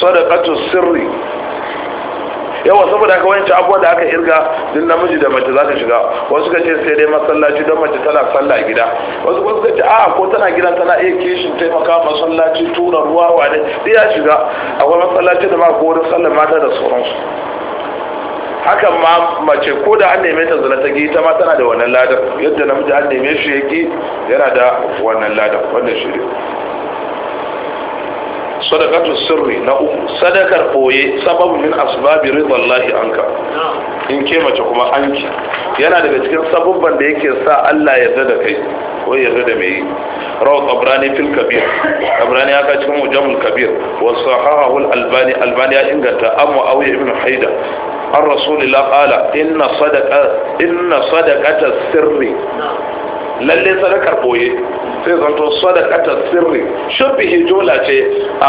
sadaqatu sirri yawa saboda haka wancan abuwa da aka irga din namiji da mace za ta shiga wasu ka ce sai dai masallaci don mace tana sallah gida wasu kuma ce a ko tana gida tana iya kishin taimaka masallaci tura ruwa ne sai ya shiga akwai masallaci da ma ko wurin sallar mata da sauransu hakan ma mace ko da an neme ta zina ta gi ta ma tana da wannan ladar yadda namiji an neme shi yake yana da wannan ladar wannan shirin sadaqatu sirri na uku sadakar koye sababu min asbabi ridallahi anka in ke mace kuma anki yana daga cikin sabubban da yake sa Allah ya yarda da kai ko ya yarda da mai rawu tabrani fil kabir tabrani haka cikin mujamul kabir wa sahahahu al albani albani ya inganta amma awi ibn haida an rasulillah qala inna sadaqa inna sadaqata sirri lalle sadakar boye sai zanto sadakatar sirri shubbihi jumla ce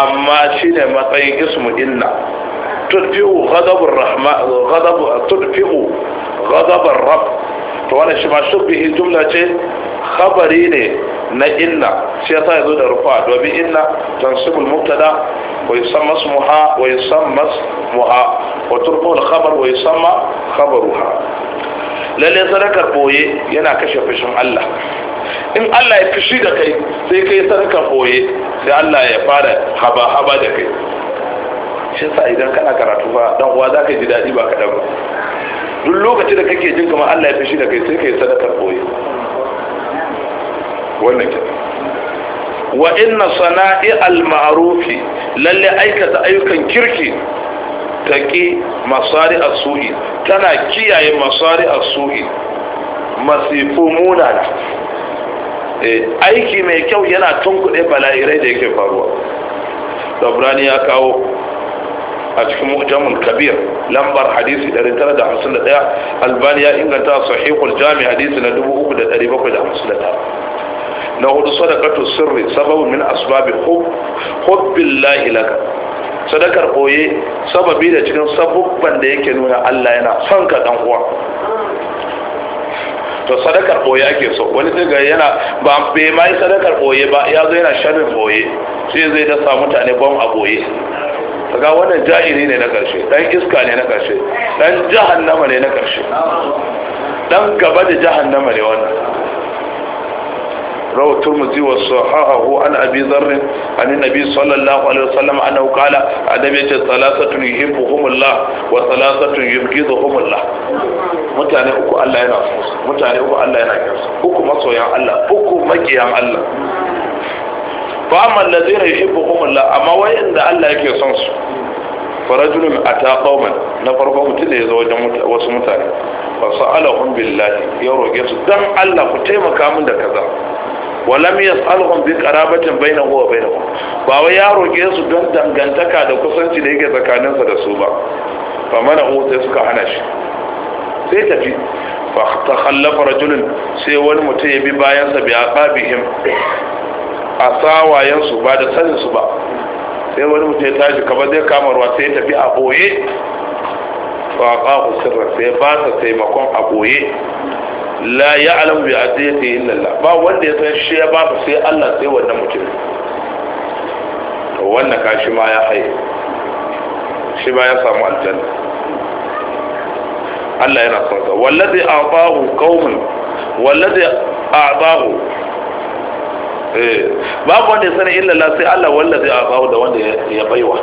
amma shine matsayin ismu illa tudfi'u ghadabur rahma ghadabu tudfi'u ghadabar rabb to wannan shi ma shubbihi jumla ce khabari ne na inna shi yasa yazo da rufa domin inna tansibul mubtada wa yusamma ismuha wa yusamma ismuha wa turfu al khabar wa yusamma khabaruha lalle sadakar boye yana kashe fushin Allah in Allah ya fushi da kai sai kai sadakar boye sai Allah ya fara haba haba da kai shi yasa idan kana karatu ba dan uwa zaka ji dadi ba kadan ba duk lokacin da kake jin kamar Allah ya shi da kai sai kai sadakar boye wannan ke wa inna sana'i al-ma'rufi lalle aikata ayyukan kirki taqi masari as tana kiyaye masari as-su'i masifu munana eh, aiki mai kyau yana tunkuɗe bala'irai da yake faruwa sabrani ya kawo a cikin mu'jamul kabir lambar hadisi 951 albani ya inganta sahihul jami hadisi na 3751 na hudu sadaqatu sirri sababu min asbabi hubbillahi laka sadakar boye sababi da cikin sabubban da yake nuna Allah yana son ka dan uwa to sadakar boye ake so wani daga yana ba bai mai sadakar boye ba ya zo yana sharrin boye sai zai dasa mutane bom a boye ga wannan jahili ne na karshe dan iska ne na karshe dan jahannama ne na karshe dan gaba da jahannama ne wannan روى الترمذي وصححه عن ابي ذر عن النبي صلى الله عليه وسلم انه قال النبي ثلاثه يحبهم الله وثلاثه يبغضهم الله mutane uku Allah yana so mutane uku Allah yana kinsu uku masoyan Allah uku makiyan Allah fa amma allazina yuhibbuhumullah amma da Allah yake son su farajulun ata qauman na farko mutum da ya zo wajen wasu mutane fa sa'alahum billahi ya roge su dan Allah ku taimaka min da kaza wa lam yas'alhum bi qarabatin bainahu wa bainahu ba wai ya roge su don dangantaka da kusanci da yake tsakaninsa da su ba fa mana sai suka hana shi sai tafi fa takhallafa rajulun sai wani mutum ya bi bayansa bi aqabihim a tsawayensu ba da saninsu ba sai wani mutum ya tashi kamar zai kama ruwa sai ya tafi a ɓoye a qahu sirra sai ba ta taimakon a ɓoye la ya'lamu bi ta yi lalla? ba wanda ya san shi ya ba sai Allah sai wannan mutum to wannan kashi ma ya haye shi ba ya samu aljanna Allah yana son sa wallazi a'tahu qauman wallazi a'tahu Eh, babu wanda ya sani illallah sai Allah wallazi a bawo da wanda ya baiwa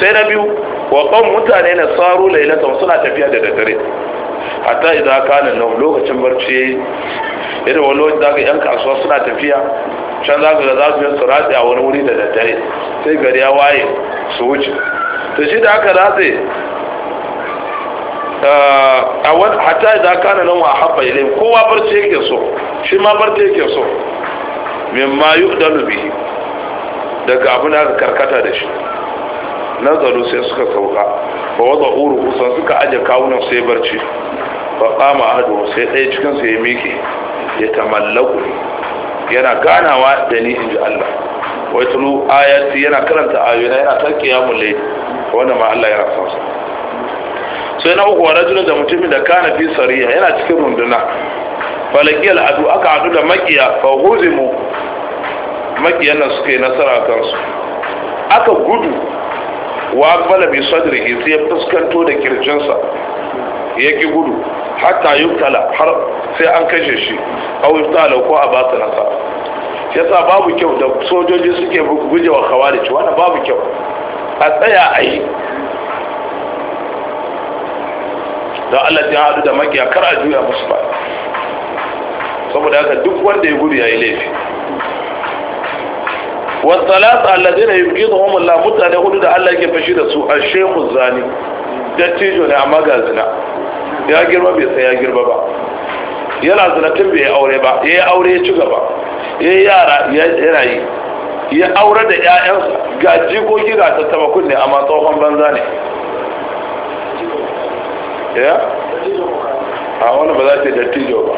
sai na biyu wa kan mutane na tsaro lailatan suna tafiya da daddare hatta idan na nan lokacin barci irin wani lokacin zaka yan kasuwa suna tafiya can zaka ga za su yi su a wani wuri da daddare sai gari ya waye su wuce to shi da aka ratse eh, a wani hatta idan na nan wa habba ilai kowa barci yake so shi ma barci yake so mimma yu'danu bihi daga abin da karkata da shi nazaru sai suka sauka ba wata uru kusan suka aje kawunan sai barci ba kama hadu sai ɗaya cikin miki ya ta ya tamallaku yana ganawa da ni in ji Allah wai tulu ayati yana karanta ayoyi yana ta ya layl wanda ma Allah yana sa sa sai na uku wa rajulun da mutumin da kana fi sariya yana cikin runduna falakiyar adu aka hadu da makiya fahuzimu huzimu makiyan nan suka yi nasara kansu aka gudu wa bala bi sadrihi sai fuskanto da kirjinsa ya ki gudu hatta yuktala har sai an kashe shi aw yuktala ko a ba su nasa yasa babu kyau da sojoji suke wa khawarij wannan babu kyau a tsaya a yi da Allah ya hadu da makiya kar a juya musu ba saboda haka duk wanda ya gudu yayi laifi wasalat alladina yubghiduhum Allah mutane hudu da Allah yake fashi da su al-shaykhu zani dattijo ne a magazina. ya girma bai sai ya girma ba yana zina tun bai aure ba ya yi aure ya ci gaba ya yi yara yana yi ya aure da 'ya'yansa ga jikoki ga tattaba ne amma tsohon banza ne ya a wani ba za ta yi dattijo ba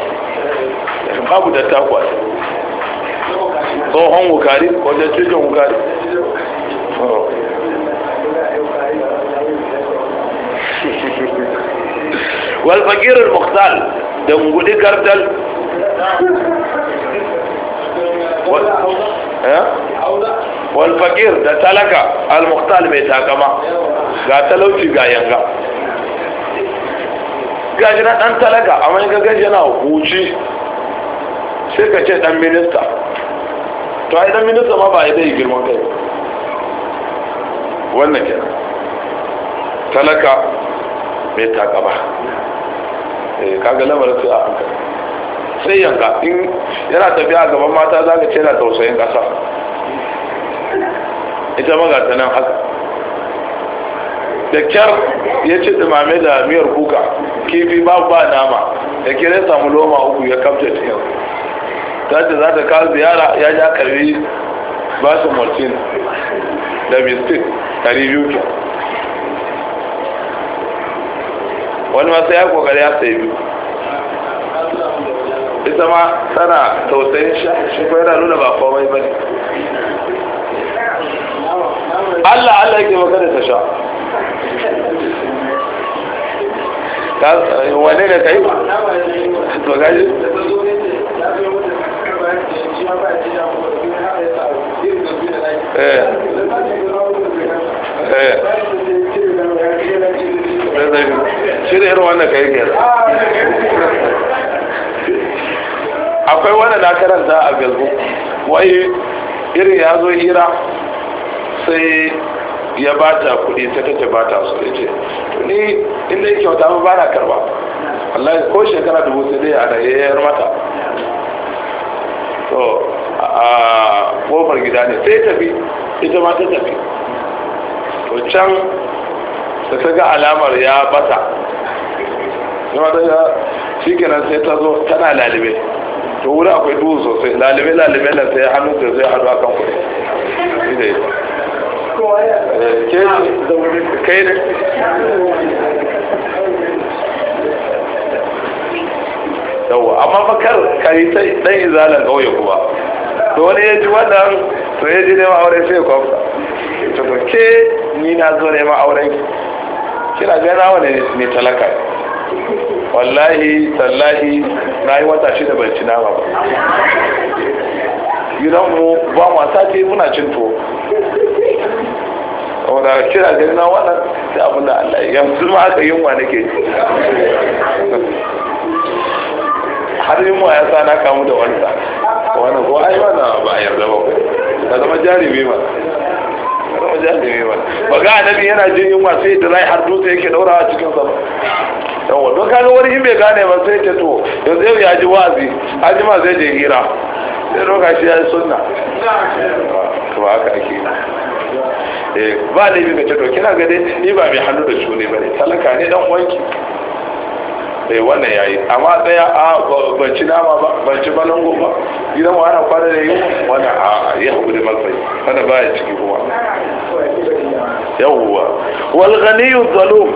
babu datta kwa tsohon wukari ko dattijon wukari oh. [LAUGHS] walfagirar muktal da ngudi kartal walfagir eh? da talaka al-muktal mai takama ga talauci ga yanga gashi na dan talaka amma in gaggaji yana huci sai ka ce dan minista to yi dan minista ma ba ya dai girman kai wannan kenan talaka mai takaba eh, kaga lamarin sai a hankali sai yanka in yana tafiya a gaban mata za ka ce na tausayin kasa ita ta nan haka da kyar ya ce dumame da miyar kuka kifi babu ba nama da kira samu loma uku ya kamta cikin ta ce za ta kawo ziyara ya ja karbi su martin da mistik ɗari biyu ke wani masu ya kokari ya sai biyu ita ma tana tausayin shi ko yana nuna ba komai ba ne Allah Allah yake maka da tasha wane ne kai to gaji eh. eh. akwai wani na karanta a galgo wai irin ya zo hira sai ya ba ta kudi ta ce ba ta su ce to ni inda yake wata ba na karba Allah ko shekara dubu sai dai ana yayyar mata to a kofar gida ne sai ta bi ita ma ta tafi to can da ta ga alamar ya bata shi kenan sai ta zo tana lalibe to wuri akwai duhu sosai lalibe lalibe na sai hannu da zai haɗu akan kudi. kai ne yawa amma makar kari ta dan izalan kauye kuwa, to wani ya ji wannan to ya ji neman aure sai kwamfa to to ke ni na zo neman auren ki kina gana wani ne talaka wallahi tallahi na yi wata da ban ci nama ba gidanmu ba mu sati muna cin to wadda kira gari na wannan sai abin da allah yanzu ma aka yunwa nake har wa ya sa na kamu da wani wani ko ai wannan ba a yarda ba ka zama jarumi ba ka zama jarumi ba ba ga annabi yana jin yunwa sai da rai har dutse yake daurawa cikin sa ba yawa don kaga wani in bai gane ba sai ta to yanzu yau ya ji wazi haji ma zai je hira sai roka shi ya yi sunna to haka ake Eh, ba da yi to kina ga dai ni ba mai hannu da shuni ba ne talaka ne dan wanki eh wannan yayi amma tsaya a ban ci nama ba ban ci balango ba gidan wa ana kwana da yi wannan a ya hakuri matsayi ba baya ciki kuma yawwa wal ghaniyu zalum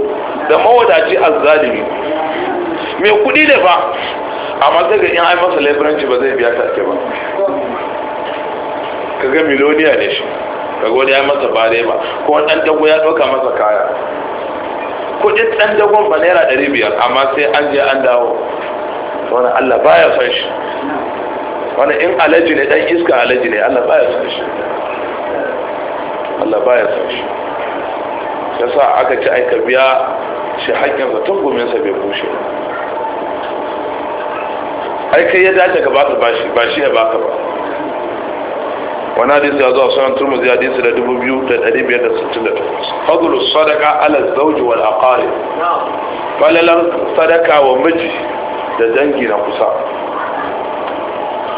da mawadaci azzalimi mai kudi da ba amma zai ga in ai masa laifiranci ba zai biya take ba kaga miloniya ne shi kaga wani ya masa ba ba ko wani dan dago ya ɗauka masa kaya duk dan dagon ba naira ɗari biyar amma sai an je an dawo wani allah baya son shi wani in alaji ne dan iska alaji ne allah baya son shi allah baya son shi yasa aka ci ka biya shi hakkinsa tun sa bai bushe ai kai ya dace ka ka bashi ba shi ya baka ba wani hadisi ya zuwa sunan turmuzi hadisi da dubu biyu da da biyar sittin 2568 fadlu sadaka ala zauji wal aqarib falalan sadaka wa miji da dangi na kusa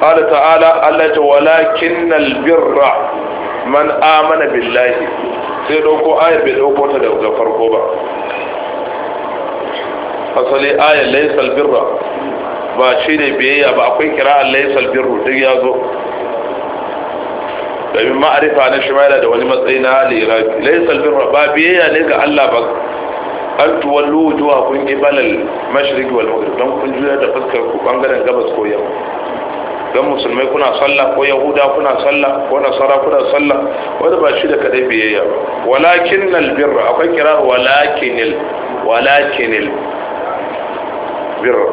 قال تعالى الله ولكن birra man amana billahi? sai dauko ayar bai dauko ta daga farko ba asali ayar laisal birra ba shi ne biyayya ba akwai kira'ar laisal birru duk ya zo domin ma'arifa na shi da wani matsayi na lirabi laisal birra ba biyayya ne ga Allah ba an tuwallu wujuwa kun ibalal mashriq wal maghrib don kun juya da fuskar ku bangaren gabas ko yamma don musulmai kuna sallah ko yahuda kuna sallah ko nasara kuna sallah wanda ba shi da kadai biyayya ya walakin al birra akwai kira walakinil walakinil birra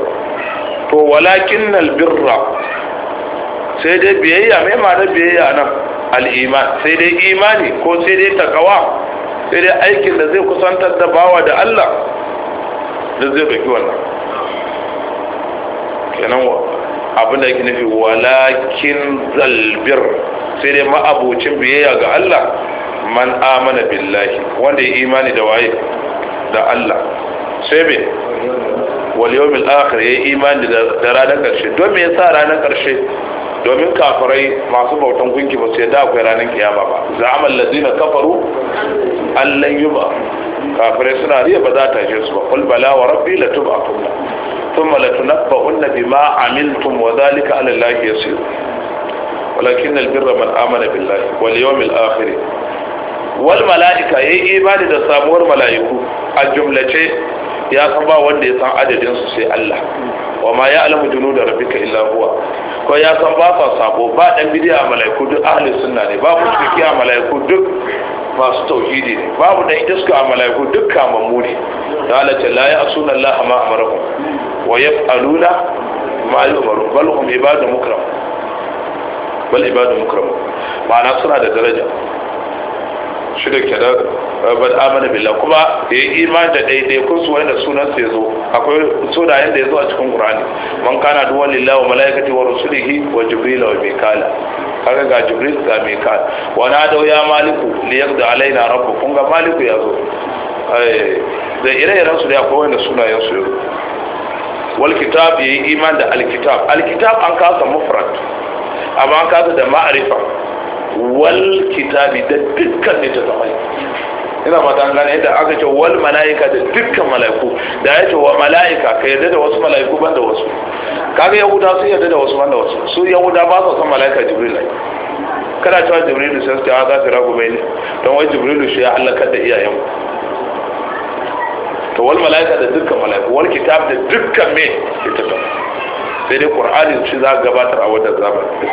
to walakin al birra sai dai biyayya mai ma da biyayya nan al'iman sai dai imani ko sai dai takawa sai dai aikin da zai kusantar da bawa da Allah da zai baki wannan kenan abin da yake nufi walakin zalbir sai dai ma'abocin biyayya ga Allah man amana billahi wanda ya imani da waye da Allah sai me wal yawmil akhir ya imani da ranar karshe don me yasa ranar karshe domin kafirai masu bautan gunki ba su yadda akwai ranar kiyama ba Za a za'amal lazina kafaru allan yuba kafirai suna riya ba za ta je su ba kul bala wa rabbi la tub'atunna thumma la tunabba'unna bima amiltum wa zalika 'ala ya siyo. walakin albirra man amana billahi wal yawmil akhir wal mala'ika yi ibadi da samuwar mala'iku a jumlace ya san ba wanda ya san adadin su sai Allah wa ma ya ya'lamu junuda rabbika illa huwa ko ya san ba sa sabo ba dan bidiya malaiku duk ahli sunna ne babu shirki a malaiku duk masu tauhidi ne babu dan iska a malaiku duk kamammu ne da Allah ta la asuna Allah ma amarakum wa yaf'aluna ma yu'maru bal hum ibadu mukram bal ibadu mukram ma'ana suna da daraja shida kenan bal eh, amana billah kuma da ya imani da daidai kun su wanda sunan su zo akwai sunayen da zo a cikin qur'ani man kana duwan lillahi wa malaikati wa rusulihi wa jibril wa mikal kaga ga jibril ga mikal wa na da ya maliku li yaqdi alaina rabbu kun ga maliku zo. Eh, da ire-iren su da akwai wanda sunayen su yazo wal kitab yayi iman da al kitab al kitab an kasa mufrad amma an kasa da ma'arifa wal kitabi da dukkan ta littattafai ina fata an gane yadda aka ce wal mala'ika da dukkan mala'iku da ya ce wa mala'ika ka yarda da wasu mala'iku ban da wasu kaga yahuda sun yarda da wasu ban da wasu su yahuda ba su san mala'ika jibril ai Kada cewa jibrilu sai su ce ah, za su ragu bai ne don wai jibril shi ya halakar da iyayenmu to wal mala'ika da dukkan mala'iku wal kitab da dukkan me littattafai sai dai qur'ani shi za gabatar a wannan zamani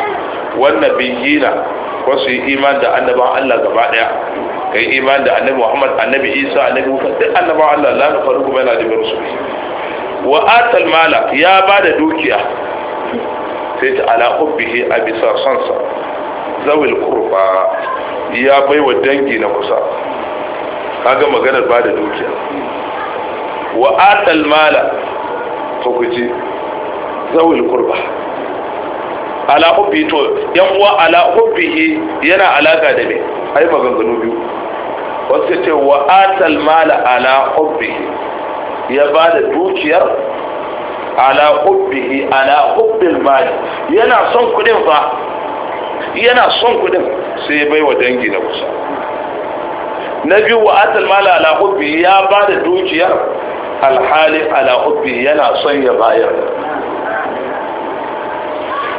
wannan biyina ko su yi iman da annaban Allah gaba daya kai iman da annabi Muhammad annabi Isa annabi Musa duk annaban Allah la nufarqu yana da rusuli wa atal mala ya bada dukiya sai ta ala hubbihi a bisa sansa zawil qurba ya baiwa dangi na kusa kaga maganar bada dukiya wa atal mala ko kuji zawil qurba ala hubbi to yan uwa ala hubbihi yana alaka da me ai maganganu biyu wasu ce wa atal mala ala hubbihi ya ba da dukiyar ala hubbihi ala hubbil mali yana son kudin fa yana son kudin sai ya bai wa dangi na kusa na biyu wa atal mala ala hubbihi ya ba da dukiyar alhali ala hubbihi yana son ya bayar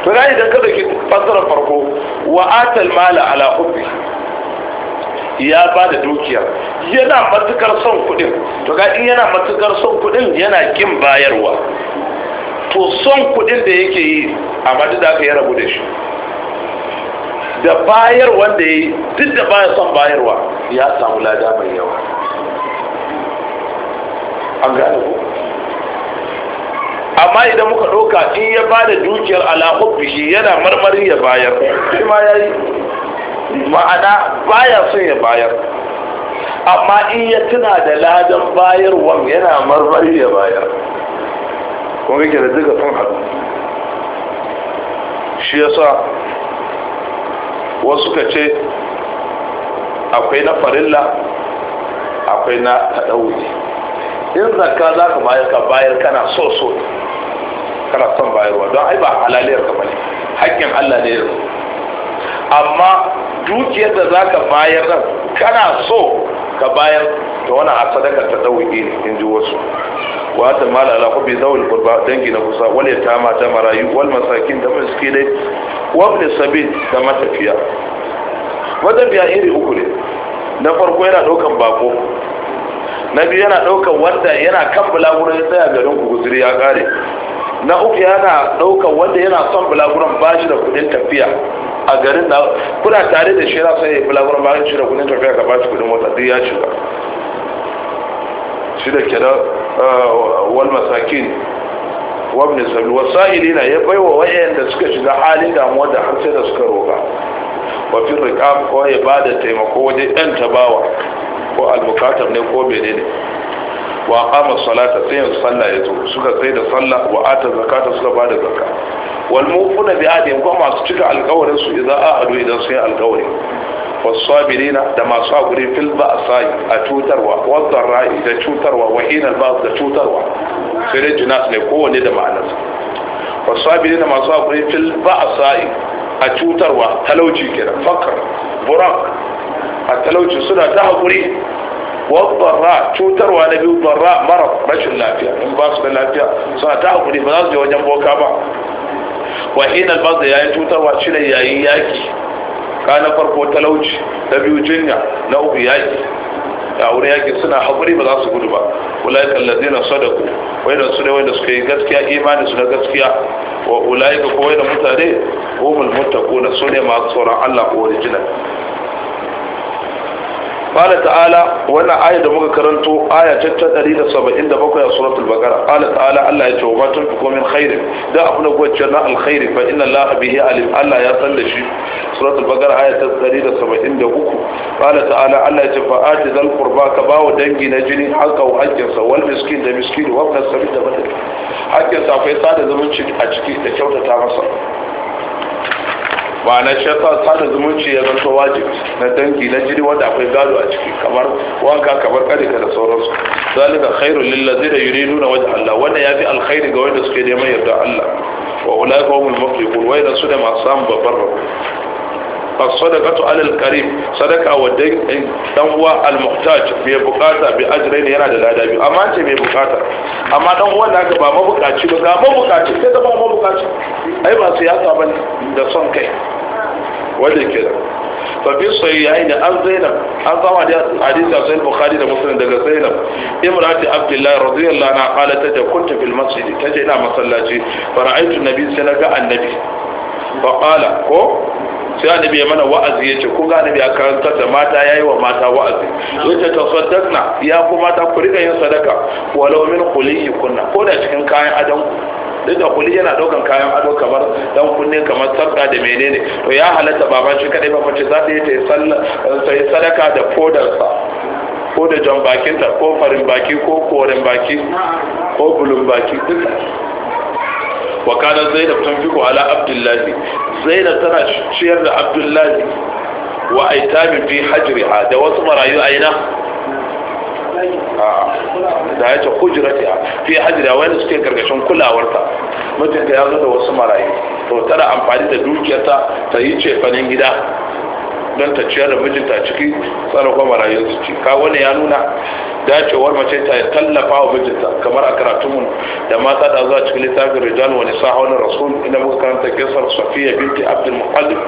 to na idan ka dauki fasarar farko wa atal mala ala hubbi ya ba da dukiya yana matukar son kudin to ga in yana matukar son kudin yana kin bayarwa to son kudin da yake yi a madu da aka yi rabu da shi da bayar wanda ya yi duk da baya son bayarwa ya samu lada mai yawa an gane ku amma idan muka ɗauka in ya ba da dukiyar fushi yana marmari ya bayar shi ma ya yi ma'ana baya son ya bayar amma in ya tuna da ladan bayarwa yana marmari ya bayar kuma yake da duka sun haɗu shi ya sa wasu ka ce akwai na farilla akwai na taɗauri in zakka za ka bayar ka bayar kana so so kana son bayarwa don ai ba halaliyar ka bane haƙƙin Allah ne yanzu amma dukiyar da za ka bayar nan kana so ka bayar da wani a sadakar ta ne in ji wasu wa ta da ala kubi zawul qurba dangi na kusa wal yatama ta marayu wal masakin da miskinai dai. ibn sabil da matafiya biya iri uku ne na farko yana ɗaukan bako na biyu yana ɗaukar wanda yana kan bulaguran ya tsaya garin ku ya ƙare na uku yana ɗaukar wanda yana son bulaguran ba shi da kuɗin tafiya a garin da kuna tare da shi yana son ya yi bulaguran ba shi da kuɗin tafiya ka ba shi kuɗin wata duk ya ba shi da ke da ah, wal masakin wabne sabi wasa'ili na ya baiwa da suka shiga halin damuwa da har sai da suka roƙa Wafin rikam ko ya da taimako wajen ɗan tabawa ko al ne ko menene wa qama salata sai yanzu sallah ya zo suka sai da sallah wa ata zakata suka ba da zakka wal mufuna bi adin ko masu cika alƙawarin su idan a ahadu idan sai alƙawari wasabirina da masu haƙuri fil ba'sa a cutarwa wadar ra'i da cutarwa wa hinal ba'd da cutarwa sai dai junas ne kowanne da ma'anarsa wasabirina masu haƙuri fil ba'sa a cutarwa talauci kenan fakar burak a talauci suna ta haƙuri wadda cutarwa na biyu barra mara rashin lafiya in ba su da lafiya suna ta haƙuri ba za su je wajen boka ba wa hinal ya yi cutarwa shi ne yayin yaƙi ka na farko talauci na biyu jinya na uku yaƙi a wurin yaƙi suna haƙuri ba za su gudu ba ulaika allazina sadaku wayanda su ne wayanda suka yi gaskiya imani su na gaskiya wa ulaika ko wayanda mutane humul muttaquna su ne masu tsoron Allah original qala ta'ala wannan aya da muka karanto aya ta 177 a suratul baqara qala ta'ala Allah ya ce wa tunfiqu min khairin da abuna gwaccen na alkhairi fa inna Allah bihi alim Allah ya san da shi suratul baqara aya ta 173 qala ta'ala Allah ya ce fa ati zal qurba ka bawo dangi na jini haka wa hakkin sa miskin da miskin wa ibn sabil da badal hakkin akwai sada zumunci a ciki da kyautata masa ma'ana shi sada zumunci ya zanto wajibi na dangi na jiri wanda akwai gado a ciki kamar wanka kamar kadika da sauransu zalika khairul lil ladina yuriduna wajha Allah ya yafi alkhairi ga wanda suke neman yarda Allah wa ulai qawmul muflihun wa su da masu samun babbar rabo as-sadaqatu 'ala al-qarib sadaqa wa dan uwa al-muhtaj mai bukata bi ajrayn yana da lada biyu amma ce mai bukata amma dan uwan naka ba ba ga mabukaci sai da mabukaci ai ba su ya da son kai wanda ke da fafin soyi ya yi da an zainab an zama da hadisi a sayin da musulun daga zainab imrati abdullahi radiyallahu na da kunta ta ce ina masallaci fara'aitu nabi sai na ga annabi fa ko sai annabi ya mana wa'azi yace ko ga annabi aka karantar da mata yayi wa mata wa'azi yace saddaqna ya ku mata ku rika yin sadaka walau min quliyi kunna ko da cikin kayan adam duk da kuli yana daukan kayan ado kamar dan kunne kamar sarka da menene to ya halatta baban shi kadai ba mace za ta yi ta yi sadaka da fodarsa ko da jan bakinta ko farin baki ko koren baki ko bulun baki duka wa kana zainab tunfiqu ala abdullahi zainab tana ciyar da abdullahi wa aitamin fi hajriha da wasu marayu aina da ya ce hujirati fi hajira wanda suke gargashin kulawarta mutunta ya zo da wasu marayu to tana amfani da dukiyarta ta yi cefanin gida don ta ciyar da mijinta ciki tsara kuma marayun su ci ka wani ya nuna dacewar mace ta tallafa wa mijinta kamar a karatunmu da mata da zuwa cikin littafin rijal wani sahawar rasul inda muka karanta gisar safiya binti abdul muhallib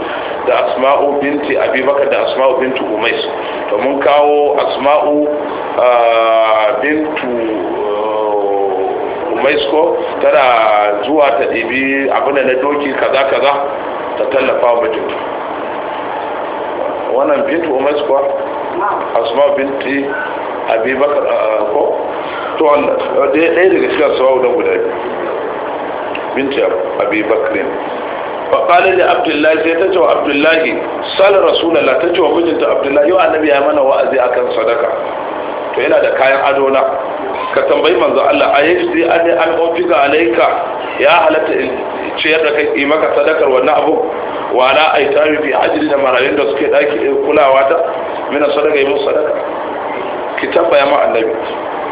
da asma'u binti abubakar da asma'u binti umais to mun kawo asma'u bintu uh, ko tana zuwa ta ɗibi abin da na doki kaza kaza ta tallafa wa mijinta wannan bintu umais kuwa asma binti abubakar ko to ɗaya daga cikin asma don guda binti abubakar kala da abdullahi sai ta ce wa abdullahi salar rasulallah ta ce wa mijinta abdullahi yau annabi ya mana wa'azi akan sadaka to yana da kayan ado na ka tambayi manzo Allah a yaji an an ga alaika ya halatta in ciyar da kai maka sadakar wannan abu wala ala tabi bi ajli da marayun da suke daki kulawa ta min sadaka yi sadaka ki tabbaya ma annabi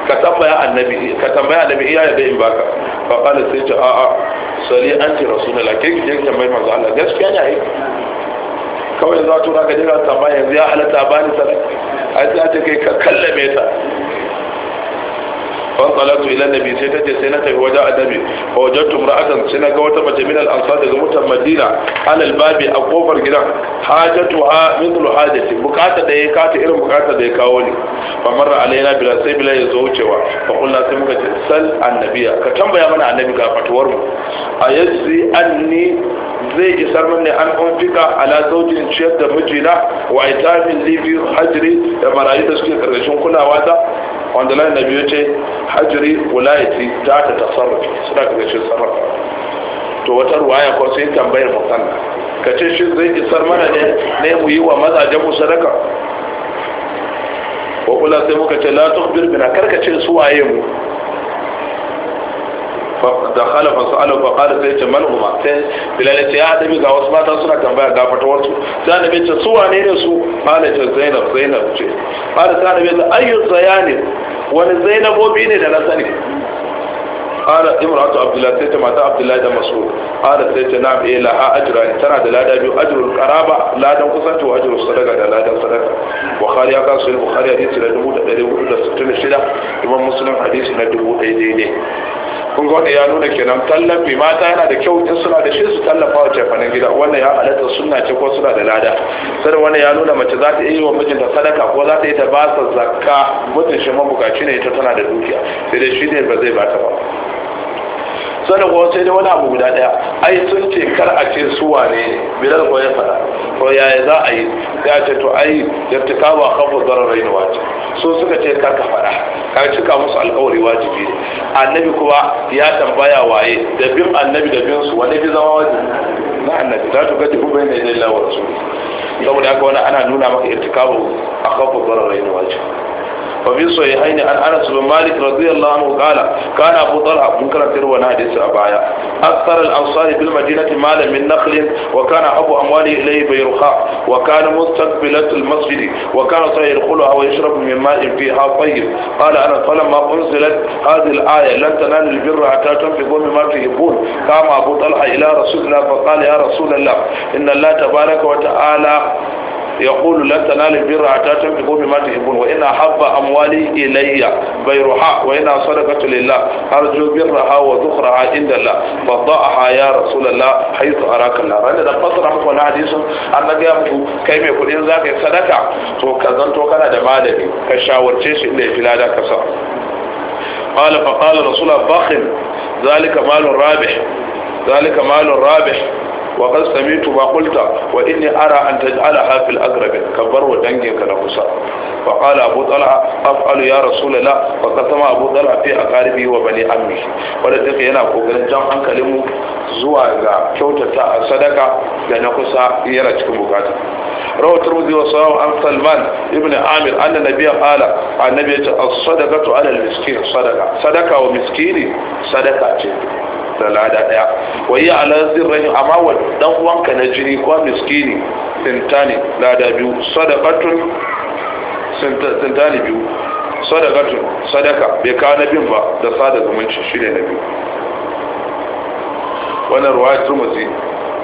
ka tabbaya annabi ka tambaya annabi iya da in baka fa qala sai ta a a sali anti rasulullah ke ki je mai manzo Allah gaskiya ne ai kawai za to ka je ka tambaya yanzu ya halatta bani sadaka ai sai ta kai ka kallame ta fanqalatu ila nabi sai ta ce sai na tafi wajen annabi fa wajadtu imra'atan sai na ga wata mace min al-ansar daga mutan madina alal babi a kofar gidan hajatuha mithlu hajati bukata da ya kata irin bukata da ya kawo ni. fa marra alaina bila sai bila ya zo wucewa fa kullu sai muka ce sal annabiya ka tambaya mana annabi ga fatuwar mu ayyazi anni zai isar mun ne an unfika ala zaujin ciyar da mijina wa itamin libi hajri da marayu da suke karkashin kulawa ta wanda lai na biyu ce hajjiri wulayati za ta tasarrufi suna daga shi sarrafa to wata ruwaya ko sai tambayar musalla ka ce shi zai isar mana ne ne mu yi wa mazajen mu sadaka ko kula sai muka ce la tukbir bina karkace ce su waye mu da khalafa su alu qala sai ce man huma sai bilal ce ya adabi ga wasu mata suna tambaya ga fatawar su sai annabi ce su wane ne su qala ce zainab zainab ce qala sai annabi ce ayyu zayani wani zainabobi ne da na sani qala imratu abdullah sai ta mata abdullah da mas'ud qala sai ta na'am eh laha ajran tana da lada biyu ajrul qaraba ladan kusanci wa ajrul sadaqa da ladan sadaqa bukhari ya kasu bukhari hadisi na 1466 imam muslim hadisi na 1000 daidai kun ga ya nuna kenan tallafi mata yana da kyau in suna da shi su tallafa wa cefanin gida wannan ya halatta sunna ce ko suna da lada sai wannan ya nuna mace za ta yi wa mijinta sadaka ko za ta yi ta ba sa zakka mutum shi mabukaci ne ita tana da dukiya sai dai shi ne ba zai ba ta ba sannan kuma sai dai wani abu guda daya ai sun ce kar a ce su wane ne bilal ko ya fara ya yaya za a yi ya ce to ai yartika ba kafa zararai ne wace so suka ce kar ka fara ka cika musu alkawari wajibi ne annabi kuma ya tambaya waye da bin annabi da bin su wani bi zama wajibi na annabi za ta gaji hubai ne lillahi wa rasuli saboda haka wani ana nuna maka irtikabu a kafa zararai ne wace ففي صحيحين عن انس بن مالك رضي الله عنه قال كان ابو طلحه منكر تروى حديث ابايا اكثر الانصار بالمدينه مالا من نخل وكان ابو امواله اليه بيرخاء وكان مستقبلة المسجد وكان سيدخلها ويشرب من ماء فيها طيب قال انا فلما انزلت هذه الايه لن تنال البر حتى تنفقوا مما تحبون قام ابو طلحه الى رسول الله فقال يا رسول الله ان الله تبارك وتعالى يقول لن تنال البر حتى تنفقوا مما تحبون وإن أحب أموالي إلي بيرها وإن صدقة لله أرجو برها وذخرها عند الله فضاعها يا رسول الله حيث أراك الله رأينا da fasara muku wani hadisin an na gaya muku kai mai kuɗin za ka sadaka to ka zanto kana da malami ka shawarce shi inda ya fi lada ka sa wa qad sami'tu ma qulta wa inni ara an taj'alaha fil aqrab kabar wa danginka na kusa fa abu talha af'alu ya rasulullah fa qasama abu talha fi aqaribi wa bani ammi wanda take yana kokarin jan hankalin zuwa ga kyautata a sadaka ga na kusa yana cikin bukata روى الترمذي وصححه عن سلمان ابن عامر ان النبي قال النبي الصدقه على المسكين صدقه صدقه ومسكين صدقه da lada daya wa yi ala zirrahin amma wa dan uwanka na jini ko miskini sintani lada biyu sadaqatun sintani biyu sadaqatun sadaka bai kawo na bin ba da sada zumunci shi ne na biyu wannan ruwayar turmuzi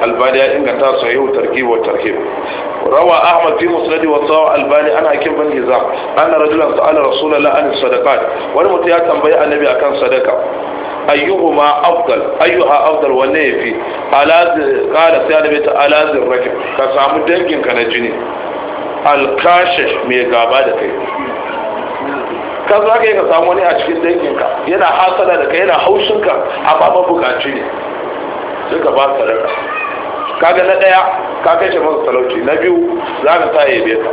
albani ya inganta sahihu tarkib wa tarkib روى أحمد في wa وصاع الباني ana حكيم بن هزام أن رجلا سأل رسول الله عن Wani mutum ya تنبيه النبي akan sadaka. ayyuhuma afdal ayyuha afdal wanne yafi ala qala sai da bita ala zirraki ka samu dangin ka na jini alkashish me gaba da kai ka za ka yi ka samu wani a cikin dangin ka yana hasada da kai yana haushin ka amma mabukaci ne sai ka ba sadaka kaga na daya ka kai shi masa talauci na biyu za ka sa ya beka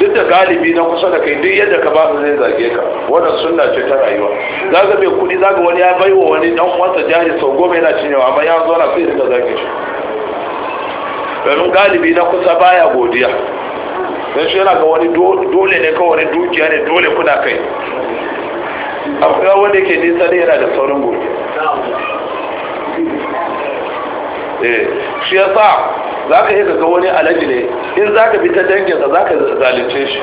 duk da galibi na kusa da kai duk yadda ka ba su zai zage ka wannan sunna ce ta rayuwa za ka mai kuɗi za ka wani ya bai wa wani dan uwansa jari sau goma yana cinye amma ya zo na sai da zage shi domin galibi na kusa baya godiya don shi yana ga wani dole ne kawai wani dukiya ne dole kuna kai akwai wanda ke nisa ne yana da saurin godiya Eh, shi ya sa za ka iya ga wani alaji ne in za ka bi ta danginsa za ka zalunce shi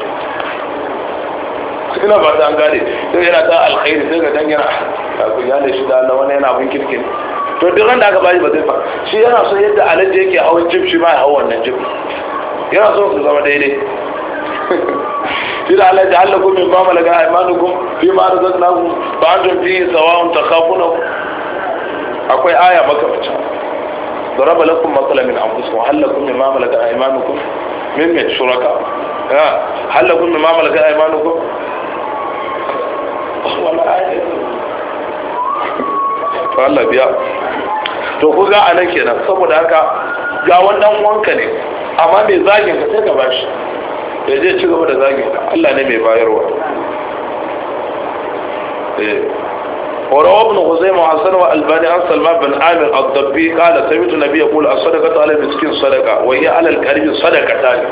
suna ba ta an gane sai yana ta alkhairi sai ga dangin a yana shi da Allah wani yana abin kirkin to duk da aka bashi ba zai fa shi yana so yadda alaji yake hawan jib shi ma ya hawan wannan jib yana so su zama daidai إذا على جعلكم من قام لك أيمانكم فيما رزقناكم فأنتم فيه سواء تخافونه أقول آية مكفتة ضرب لكم مثلا من انفسكم هل لكم مما ملك ايمانكم من من شركاء هل لكم مما ملك ايمانكم ولا آية Allah biya to ku ga anan kenan saboda haka ga wannan wanka ne amma mai zagin ka sai ka bashi da zai ci gaba da zagin ka Allah ne mai bayarwa eh وروى ابن خزيمة وحسن والباني عن سلمان بن عامر الضبي قال سمعت النبي يقول الصدقة على المسكين صدقة وهي على الكريم صدقة ثانية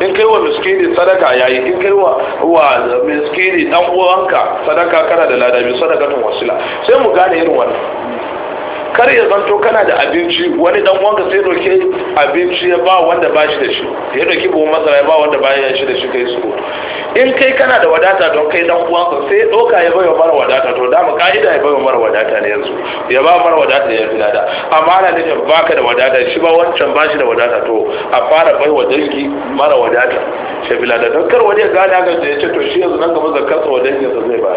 in kai wa miskini sadaka yayi in kai wa wa miskini dan uwanka sadaka kana da ladabi sadakatun wasila sai mu gane irin wannan kar ya zanto kana da abinci wani dan wanka sai doke abinci ya ba wanda ba shi da shi ya doke buhu masara ya ba wanda ba ya shi da shi kai su in kai kana da wadata don kai dan uwanka sai doka ya bai wa mara wadata to dama ka'ida ya bai wa mara wadata ne yanzu ya ba mara wadata ya fi lada amma ana nufin baka da wadata shi ba wancan ba shi da wadata to a fara bai wa dangi mara wadata shi fi lada don kar wani ya gane haka da ya ce to shi yanzu nan gaba zakarsa wa danginsa zai ba.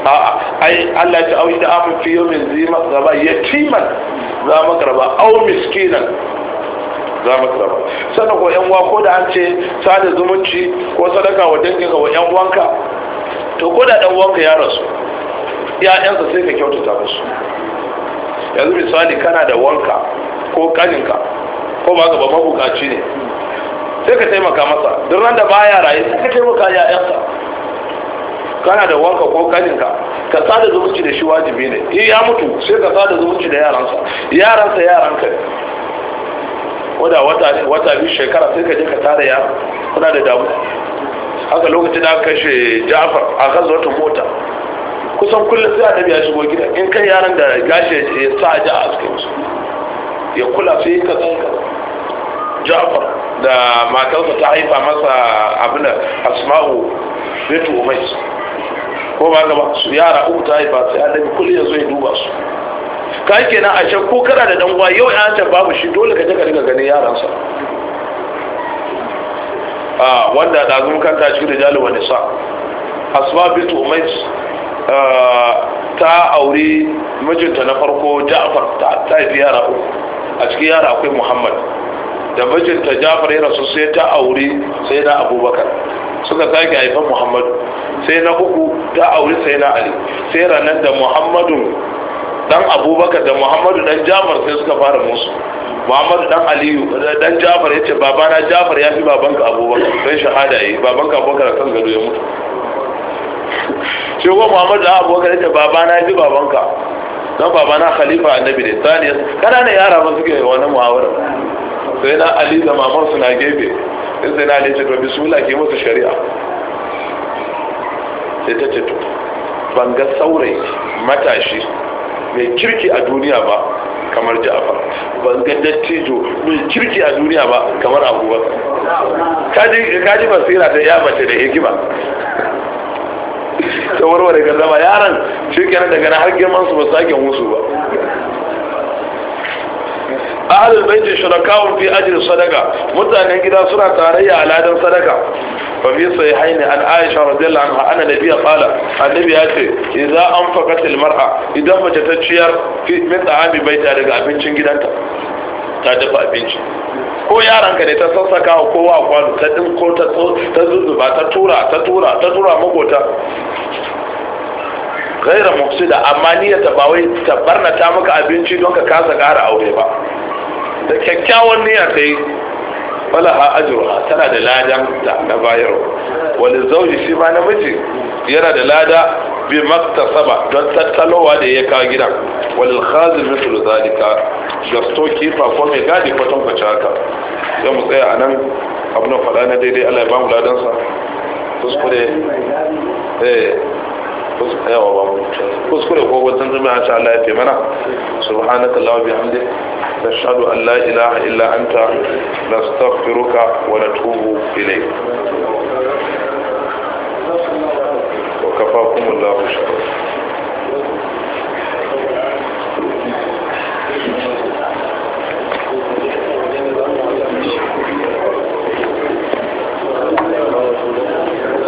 a'a ai Allah ta auki da amin fi min zima gaba ya yatiman za makaraba raba au miskinan za makaraba raba sannan ko yan ko da an ce sada zumunci ko sadaka wa dangin wa yan wanka to ko da dan wanka ya rasu ya'yansa sai ka kyautata musu yanzu misali kana da wanka ko kaninka ko ba gaba mabukaci ne sai ka taimaka masa duk ran da baya raye sai ka taimaka ya'yansa kana da wanka ko kaninka ka sada zumunci da shi wajibi ne in ya mutu sai ka sada zumunci da yaransa yaransa yaranka ne wata ne wata biyu shekara sai ka je ka tara ya kuna da damu haka lokacin da aka kashe Ja'far a kan wata mota kusan kullum sai annabi ya shigo gida in kai yaran da gashi ya sa ji a cikin su ya kula sai ka san Ja'far da matarsa ta haifa masa abin Asma'u bintu Umays ko ba gaba su yara uku ta haifa sai annabi kullum ya zo ya duba su ka kenan a can ko kana da dan uwa yau ya ta babu shi dole ka je ka ganin yaran yaransa a wanda da zuwa kanta cikin rijal wani nisa asma bint umays ta aure mijinta na farko ja'far ta haifi yara uku a cikin yara akwai muhammad da mijinta ja'far ya rasu sai ta aure sai da abubakar suka sake haifan muhammadu sai na uku ta auri sai na ali sai ranar da muhammadu dan abubakar da muhammadu dan jafar sai suka fara musu muhammadu dan aliyu dan jafar ya ce babana jafar ya fi babanka abubakar don shahada ya yi babanka abubakar a kan gado ya mutu shi kuma muhammadu dan abubakar ya ce babana ya fi babanka don babana khalifa annabi ne kana ne yara ba suke wani muhawara sai na ali da mamar su na gefe sai sai na ali ce to bismillah ke musu shari'a sai ta ce to ban ga saurayi matashi mai kirki a duniya ba kamar ja'afar ban ga dattijo mai kirki a duniya ba kamar abubakar kaji basira ta ya mace da hikima ta warware ka zama yaran shi kenan daga na har girman su ba sake musu ba ahlul baiti shuraka'un fi ajri sadaka mutanen gida suna tarayya a ladan sadaka fa fi sahihaini an aisha radiyallahu anha anna nabiyya qala annabi ya ce idza anfaqat al mar'a idan mace ta ciyar min ta'ami baita daga abincin gidanta ta dafa abinci ko yaran ka ne ta sassaka wa kowa a kwano ta ko ta zuzuba ta tura ta tura ta tura magota gaira mufsida amma niyyata ba wai ta barnata maka abinci don ka kasa kara aure ba da kyakkyawan niyya ta yi wala ha ajruha tana da ladan da na bayarwa wani zauji shi ma namiji yana da lada bi saba don tattalowa da ya kawo gidan wani khazin mithlu zalika ga stoki fa ko mai gadi kwaton kwace haka sai mu tsaya a nan abin faɗa na daidai Allah ya ba mu ladansa kuskure eh yawa ba kuskure ko wata zuma ya sha Allah ya fi mana subhanaka Allah bi hamdi nashhadu an la ilaha illa anta nastaghfiruka wa natubu ilayk wa kafakum Allah shukran